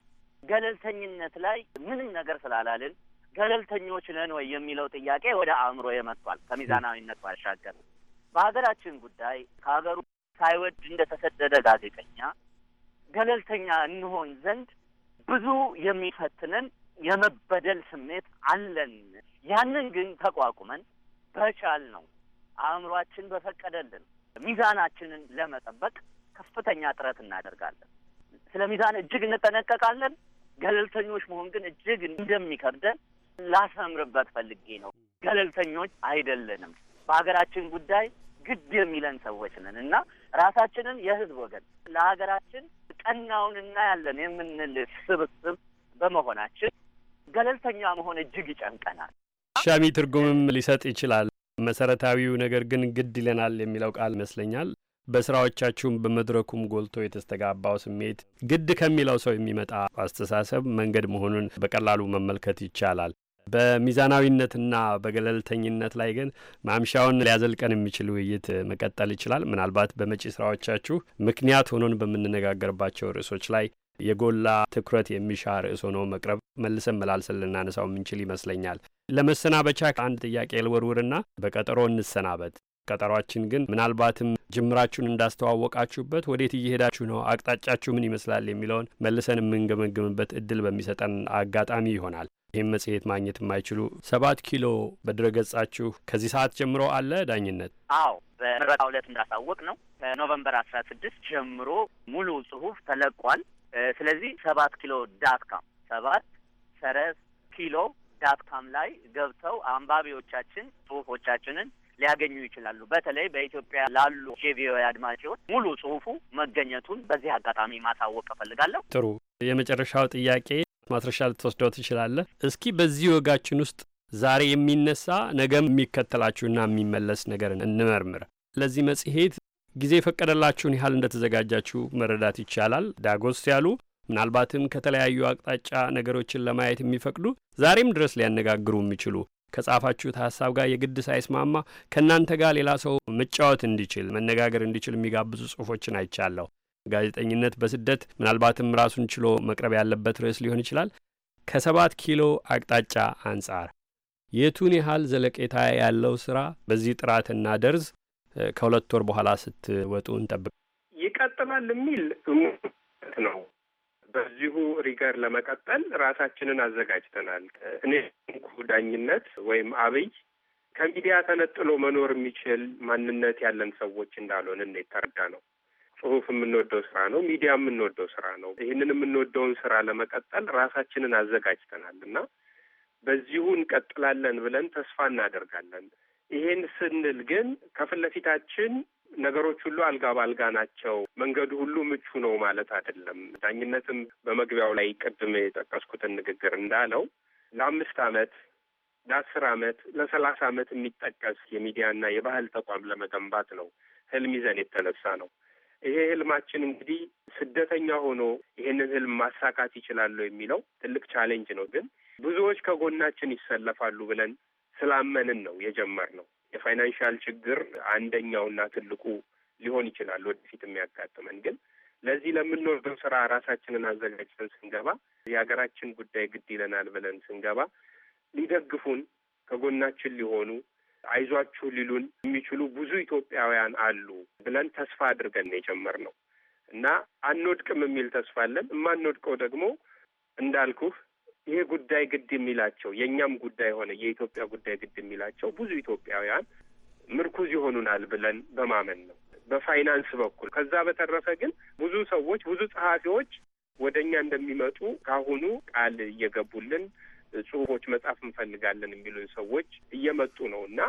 ገለልተኝነት ላይ ምንም ነገር ስላላልን ገለልተኞች ነን ወይ የሚለው ጥያቄ ወደ አእምሮ የመጥቷል ከሚዛናዊነት ባሻገር በሀገራችን ጉዳይ ከሀገሩ ሳይወድ እንደተሰደደ ጋዜጠኛ ገለልተኛ እንሆን ዘንድ ብዙ የሚፈትነን የመበደል ስሜት አለን። ያንን ግን ተቋቁመን በቻል ነው አእምሯችን በፈቀደልን ሚዛናችንን ለመጠበቅ ከፍተኛ ጥረት እናደርጋለን። ስለ ሚዛን እጅግ እንጠነቀቃለን። ገለልተኞች መሆን ግን እጅግ እንደሚከብደን ላሰምርበት ፈልጌ ነው። ገለልተኞች አይደለንም። በሀገራችን ጉዳይ ግድ የሚለን ሰዎች ነን እና ራሳችንን የህዝብ ወገን ለሀገራችን ቀናውን እናያለን የምንል ስብስብ በመሆናችን ገለልተኛ መሆን እጅግ ይጨንቀናል።
ሻሚ ትርጉምም ሊሰጥ ይችላል። መሰረታዊው ነገር ግን ግድ ይለናል የሚለው ቃል ይመስለኛል። በስራዎቻችሁም በመድረኩም ጎልቶ የተስተጋባው ስሜት ግድ ከሚለው ሰው የሚመጣ አስተሳሰብ መንገድ መሆኑን በቀላሉ መመልከት ይቻላል። በሚዛናዊነትና በገለልተኝነት ላይ ግን ማምሻውን ሊያዘልቀን የሚችል ውይይት መቀጠል ይችላል። ምናልባት በመጪ ስራዎቻችሁ ምክንያት ሆኖን በምንነጋገርባቸው ርዕሶች ላይ የጎላ ትኩረት የሚሻ ርዕስ ሆኖ መቅረብ መልሰን መላልሰን ልናነሳው የምንችል ይመስለኛል። ለመሰናበቻ አንድ ጥያቄ ልወርውርና በቀጠሮ እንሰናበት። ቀጠሯችን ግን ምናልባትም ጅምራችሁን እንዳስተዋወቃችሁበት ወዴት እየሄዳችሁ ነው፣ አቅጣጫችሁ ምን ይመስላል የሚለውን መልሰን የምንገመግምበት እድል በሚሰጠን አጋጣሚ ይሆናል። ይህም መጽሔት ማግኘት የማይችሉ ሰባት ኪሎ በድረገጻችሁ ከዚህ ሰዓት ጀምሮ አለ ዳኝነት?
አዎ በምረጣ ዕለት እንዳሳወቅ ነው ከኖቨምበር አስራ ስድስት ጀምሮ ሙሉ ጽሁፍ ተለቋል። ስለዚህ ሰባት ኪሎ ዳት ካም ሰባት ሰረዝ ኪሎ ዳት ካም ላይ ገብተው አንባቢዎቻችን ጽሁፎቻችንን ሊያገኙ ይችላሉ። በተለይ በኢትዮጵያ ላሉ ጄቪዮ አድማጮች ሙሉ ጽሁፉ መገኘቱን በዚህ አጋጣሚ ማሳወቅ እፈልጋለሁ።
ጥሩ። የመጨረሻው ጥያቄ ማስረሻ ልትወስደው ትችላለህ። እስኪ በዚህ ወጋችን ውስጥ ዛሬ የሚነሳ ነገም የሚከተላችሁና የሚመለስ ነገር እንመርምር። ለዚህ መጽሔት ጊዜ የፈቀደላችሁን ያህል እንደተዘጋጃችሁ መረዳት ይቻላል። ዳጎስ ያሉ ምናልባትም ከተለያዩ አቅጣጫ ነገሮችን ለማየት የሚፈቅዱ ዛሬም ድረስ ሊያነጋግሩ የሚችሉ ከጻፋችሁት ሀሳብ ጋር የግድ ሳይስማማ ከእናንተ ጋር ሌላ ሰው መጫወት እንዲችል መነጋገር እንዲችል የሚጋብዙ ጽሁፎችን አይቻለሁ። ጋዜጠኝነት በስደት ምናልባትም ራሱን ችሎ መቅረብ ያለበት ርዕስ ሊሆን ይችላል። ከሰባት ኪሎ አቅጣጫ አንጻር የቱን ያህል ዘለቄታ ያለው ስራ በዚህ ጥራትና ደርዝ ከሁለት ወር በኋላ ስትወጡ እንጠብቅ
ይቀጥላል የሚል ነው። በዚሁ ሪገር ለመቀጠል ራሳችንን አዘጋጅተናል። እኔ እንኩ ዳኝነት ወይም አብይ ከሚዲያ ተነጥሎ መኖር የሚችል ማንነት ያለን ሰዎች እንዳልሆን እኔ የተረዳ ነው። ጽሁፍ የምንወደው ስራ ነው። ሚዲያ የምንወደው ስራ ነው። ይህንን የምንወደውን ስራ ለመቀጠል ራሳችንን አዘጋጅተናል እና በዚሁ እንቀጥላለን ብለን ተስፋ እናደርጋለን። ይሄን ስንል ግን ከፊት ለፊታችን ነገሮች ሁሉ አልጋ ባልጋ ናቸው። መንገዱ ሁሉ ምቹ ነው ማለት አይደለም። ዳኝነትም በመግቢያው ላይ ቅድም የጠቀስኩትን ንግግር እንዳለው ለአምስት ዓመት ለአስር ዓመት ለሰላሳ ዓመት የሚጠቀስ የሚዲያና የባህል ተቋም ለመገንባት ነው ህልም ይዘን የተነሳ ነው። ይሄ ህልማችን እንግዲህ ስደተኛ ሆኖ ይህንን ህልም ማሳካት ይችላሉ የሚለው ትልቅ ቻሌንጅ ነው። ግን ብዙዎች ከጎናችን ይሰለፋሉ ብለን ስላመንን ነው የጀመርነው። የፋይናንሻል ችግር አንደኛውና ትልቁ ሊሆን ይችላል ወደፊት የሚያጋጥመን ግን ለዚህ ለምንወርደው ስራ ራሳችንን አዘጋጅተን ስንገባ የሀገራችን ጉዳይ ግድ ይለናል ብለን ስንገባ ሊደግፉን ከጎናችን ሊሆኑ አይዟችሁ ሊሉን የሚችሉ ብዙ ኢትዮጵያውያን አሉ ብለን ተስፋ አድርገን የጀመርነው እና አንወድቅም የሚል ተስፋ አለን። የማንወድቀው ደግሞ እንዳልኩህ ይሄ ጉዳይ ግድ የሚላቸው የእኛም ጉዳይ ሆነ የኢትዮጵያ ጉዳይ ግድ የሚላቸው ብዙ ኢትዮጵያውያን ምርኩዝ ይሆኑናል ብለን በማመን ነው በፋይናንስ በኩል። ከዛ በተረፈ ግን ብዙ ሰዎች ብዙ ጸሐፊዎች ወደ እኛ እንደሚመጡ ካሁኑ ቃል እየገቡልን ጽሁፎች መጻፍ እንፈልጋለን የሚሉን ሰዎች እየመጡ ነው እና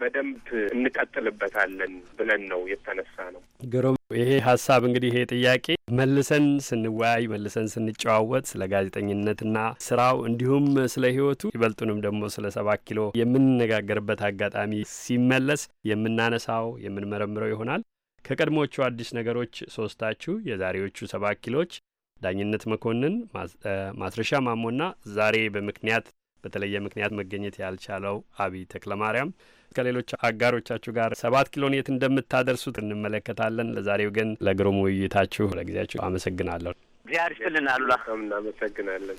በደንብ እንቀጥልበታለን ብለን ነው የተነሳ
ነው። ግሩም። ይሄ ሀሳብ እንግዲህ ይሄ ጥያቄ መልሰን ስንወያይ መልሰን ስንጨዋወጥ ስለ ጋዜጠኝነትና ስራው እንዲሁም ስለ ህይወቱ ይበልጡንም ደግሞ ስለ ሰባት ኪሎ የምንነጋገርበት አጋጣሚ ሲመለስ የምናነሳው የምንመረምረው ይሆናል። ከቀድሞቹ አዲስ ነገሮች ሶስታችሁ የዛሬዎቹ ሰባት ኪሎች ዳኝነት መኮንን፣ ማስረሻ ማሞና ዛሬ በምክንያት በተለየ ምክንያት መገኘት ያልቻለው አብይ ማርያም ከሌሎች አጋሮቻችሁ ጋር ሰባት ኪሎን የት እንደምታደርሱት እንመለከታለን። ለዛሬው ግን ለግሩም ውይይታችሁ ለጊዜያችሁ አመሰግናለሁ።
እግዚአብሔር ይስጥልን። አሉላ እናመሰግናለን።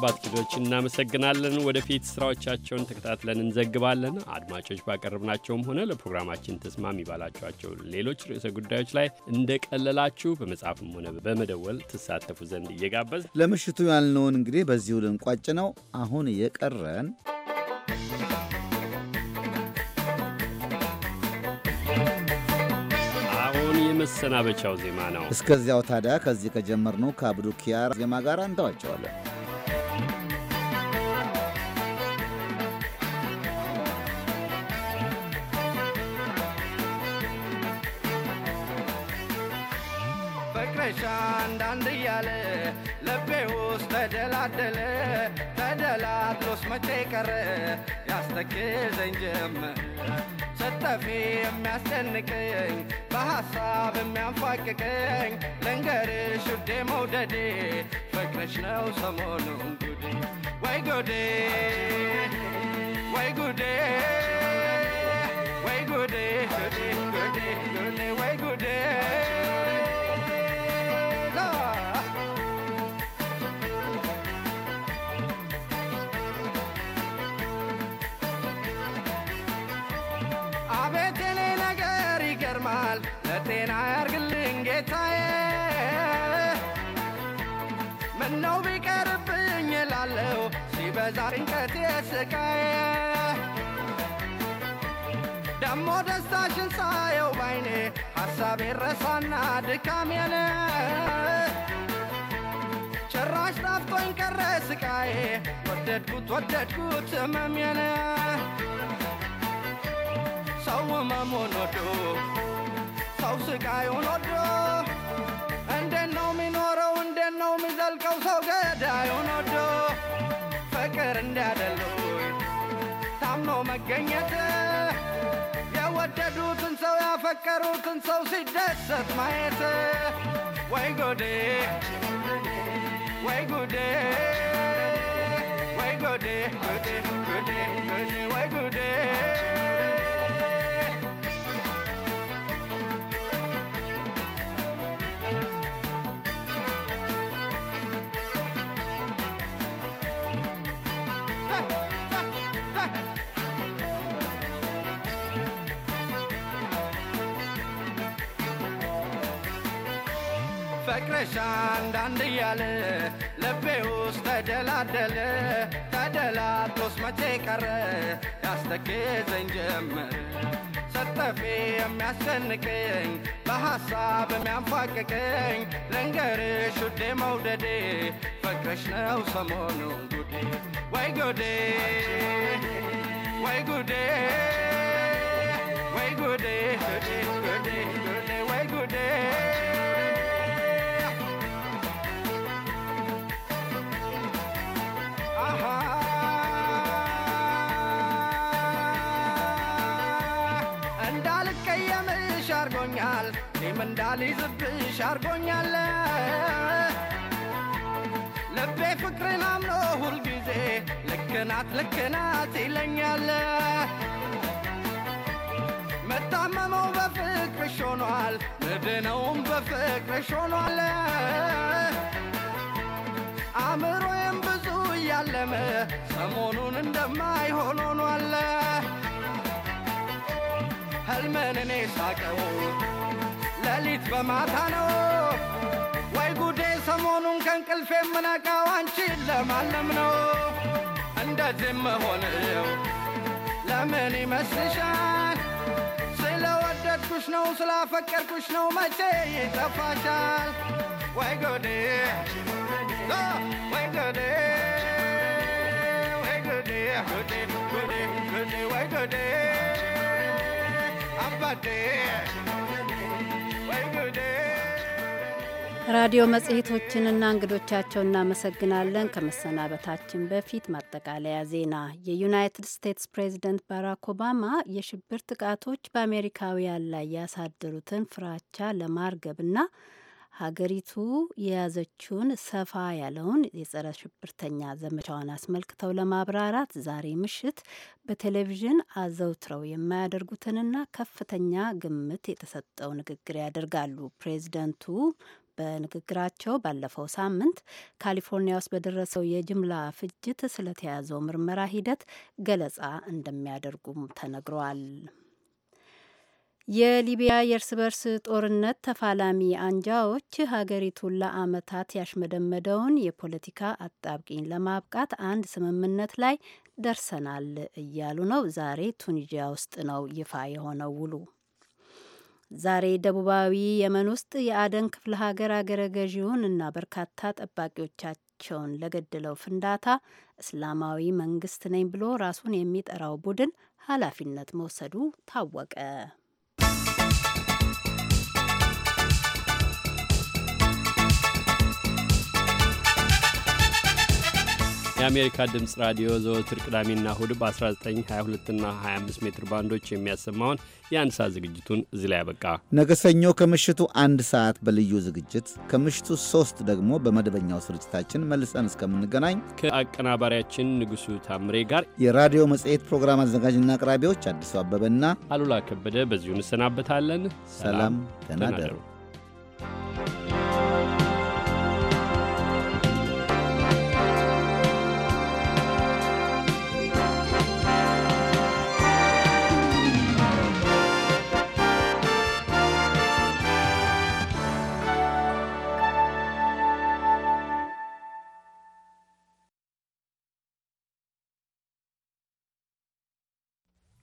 አባትኪዶች እናመሰግናለን። ወደፊት ስራዎቻቸውን ተከታትለን እንዘግባለን። አድማጮች ባቀረብናቸውም ሆነ ለፕሮግራማችን ተስማሚ ባላችኋቸው ሌሎች ርዕሰ ጉዳዮች ላይ እንደቀለላችሁ በመጻፍም ሆነ በመደወል ትሳተፉ ዘንድ እየጋበዝ
ለምሽቱ ያልነውን እንግዲህ በዚሁ ልንቋጭ ነው። አሁን እየቀረን
መሰናበቻው ዜማ ነው።
እስከዚያው ታዲያ ከዚህ ከጀመርነው ከአብዱ ኪያር ዜማ ጋር እንተዋቸዋለን።
ተደላደለ ተደላድሎስ መቼ ቀረ ያስተክዘኝ ጀመር ስጠፊ የሚያስጨንቀኝ በሐሳብ የሚያንፋቅቀኝ ልንገርሽ ውዴ መውደዴ ፍቅርሽ ነው ሰሞኑን ጉዴ ወይ ጉዴ ወይ ጉዴ ወይ ጉዴ ጉዴ ጉዴ ወይ ጉዴ ከዛሬን ከቴስቃዬ ደሞ ደስታሽን ሳየው ባይኔ ሐሳቤ ረሳና ድካሜን ጭራሽ ቀረ ስቃዬ ወደድኩት ወደድኩት መሜን ሰው መሞን ወዶ ሰው ስቃዩን ወዶ መገኘት የወደዱትን ሰው ያፈቀሩትን ሰው ሲደሰት ማየት ወይ ጎዴ ወይ ጉዴ ወይ ጎዴ ጎዴ ጎዴ ወይ ጉዴ shandandi yale le peus ta dela dele ta dela tos ma bahasa be ma fak shude maude de fakrishna usamono gude why gude why gude why gude gude gude why gude, እኔም እንዳልይዝብሽ አርጎኛለ ልቤ ፍቅርን አምኖ ሁልጊዜ ልክናት ልክናት ይለኛለ መታመመው በፍቅርሽ ሆኗል ምድነውም በፍቅርሽ ሆኗል አእምሮዬም ብዙ እያለመ ሰሞኑን እንደማይሆን ሆኗል ህልመን እኔ ሳቀው በሌሊት በማታ ነው ወይ ጉዴ! ሰሞኑን ከእንቅልፍ የምነቃው አንቺን ለማለም ነው። እንደዚህ መሆንው ለምን ይመስልሻል? ስለወደድኩሽ ነው ስላፈቀርኩሽ ነው መቼ ይጠፋሻል? ወይ ጉዴ ወይ ጉዴ ወይ ጉዴ ወይ ጉዴ አባዴ
ራዲዮ መጽሔቶችንና እንግዶቻቸው እናመሰግናለን። ከመሰናበታችን በፊት ማጠቃለያ ዜና። የዩናይትድ ስቴትስ ፕሬዚደንት ባራክ ኦባማ የሽብር ጥቃቶች በአሜሪካውያን ላይ ያሳደሩትን ፍራቻ ለማርገብና ሀገሪቱ የያዘችውን ሰፋ ያለውን የጸረ ሽብርተኛ ዘመቻዋን አስመልክተው ለማብራራት ዛሬ ምሽት በቴሌቪዥን አዘውትረው የማያደርጉትንና ከፍተኛ ግምት የተሰጠው ንግግር ያደርጋሉ። ፕሬዚደንቱ በንግግራቸው ባለፈው ሳምንት ካሊፎርኒያ ውስጥ በደረሰው የጅምላ ፍጅት ስለተያዘው ምርመራ ሂደት ገለጻ እንደሚያደርጉም ተነግረዋል። የሊቢያ የእርስ በርስ ጦርነት ተፋላሚ አንጃዎች ሀገሪቱን ለዓመታት ያሽመደመደውን የፖለቲካ አጣብቂኝ ለማብቃት አንድ ስምምነት ላይ ደርሰናል እያሉ ነው። ዛሬ ቱኒዚያ ውስጥ ነው ይፋ የሆነው ውሉ። ዛሬ ደቡባዊ የመን ውስጥ የአደን ክፍለ ሀገር አገረ ገዢውን እና በርካታ ጠባቂዎቻቸውን ለገደለው ፍንዳታ እስላማዊ መንግስት ነኝ ብሎ ራሱን የሚጠራው ቡድን ኃላፊነት መውሰዱ ታወቀ።
የአሜሪካ ድምፅ ራዲዮ ዘወትር ቅዳሜና እሁድ በ1922 እና 25 ሜትር ባንዶች የሚያሰማውን የአንድ ሰዓት ዝግጅቱን እዚህ ላይ ያበቃ።
ነገ ሰኞ ከምሽቱ አንድ ሰዓት በልዩ ዝግጅት ከምሽቱ ሶስት ደግሞ በመደበኛው ስርጭታችን መልሰን እስከምንገናኝ
ከአቀናባሪያችን ንጉሱ ታምሬ ጋር
የራዲዮ መጽሔት ፕሮግራም አዘጋጅና አቅራቢዎች አዲሱ አበበና
አሉላ ከበደ በዚሁ እንሰናበታለን። ሰላም ተናደሩ።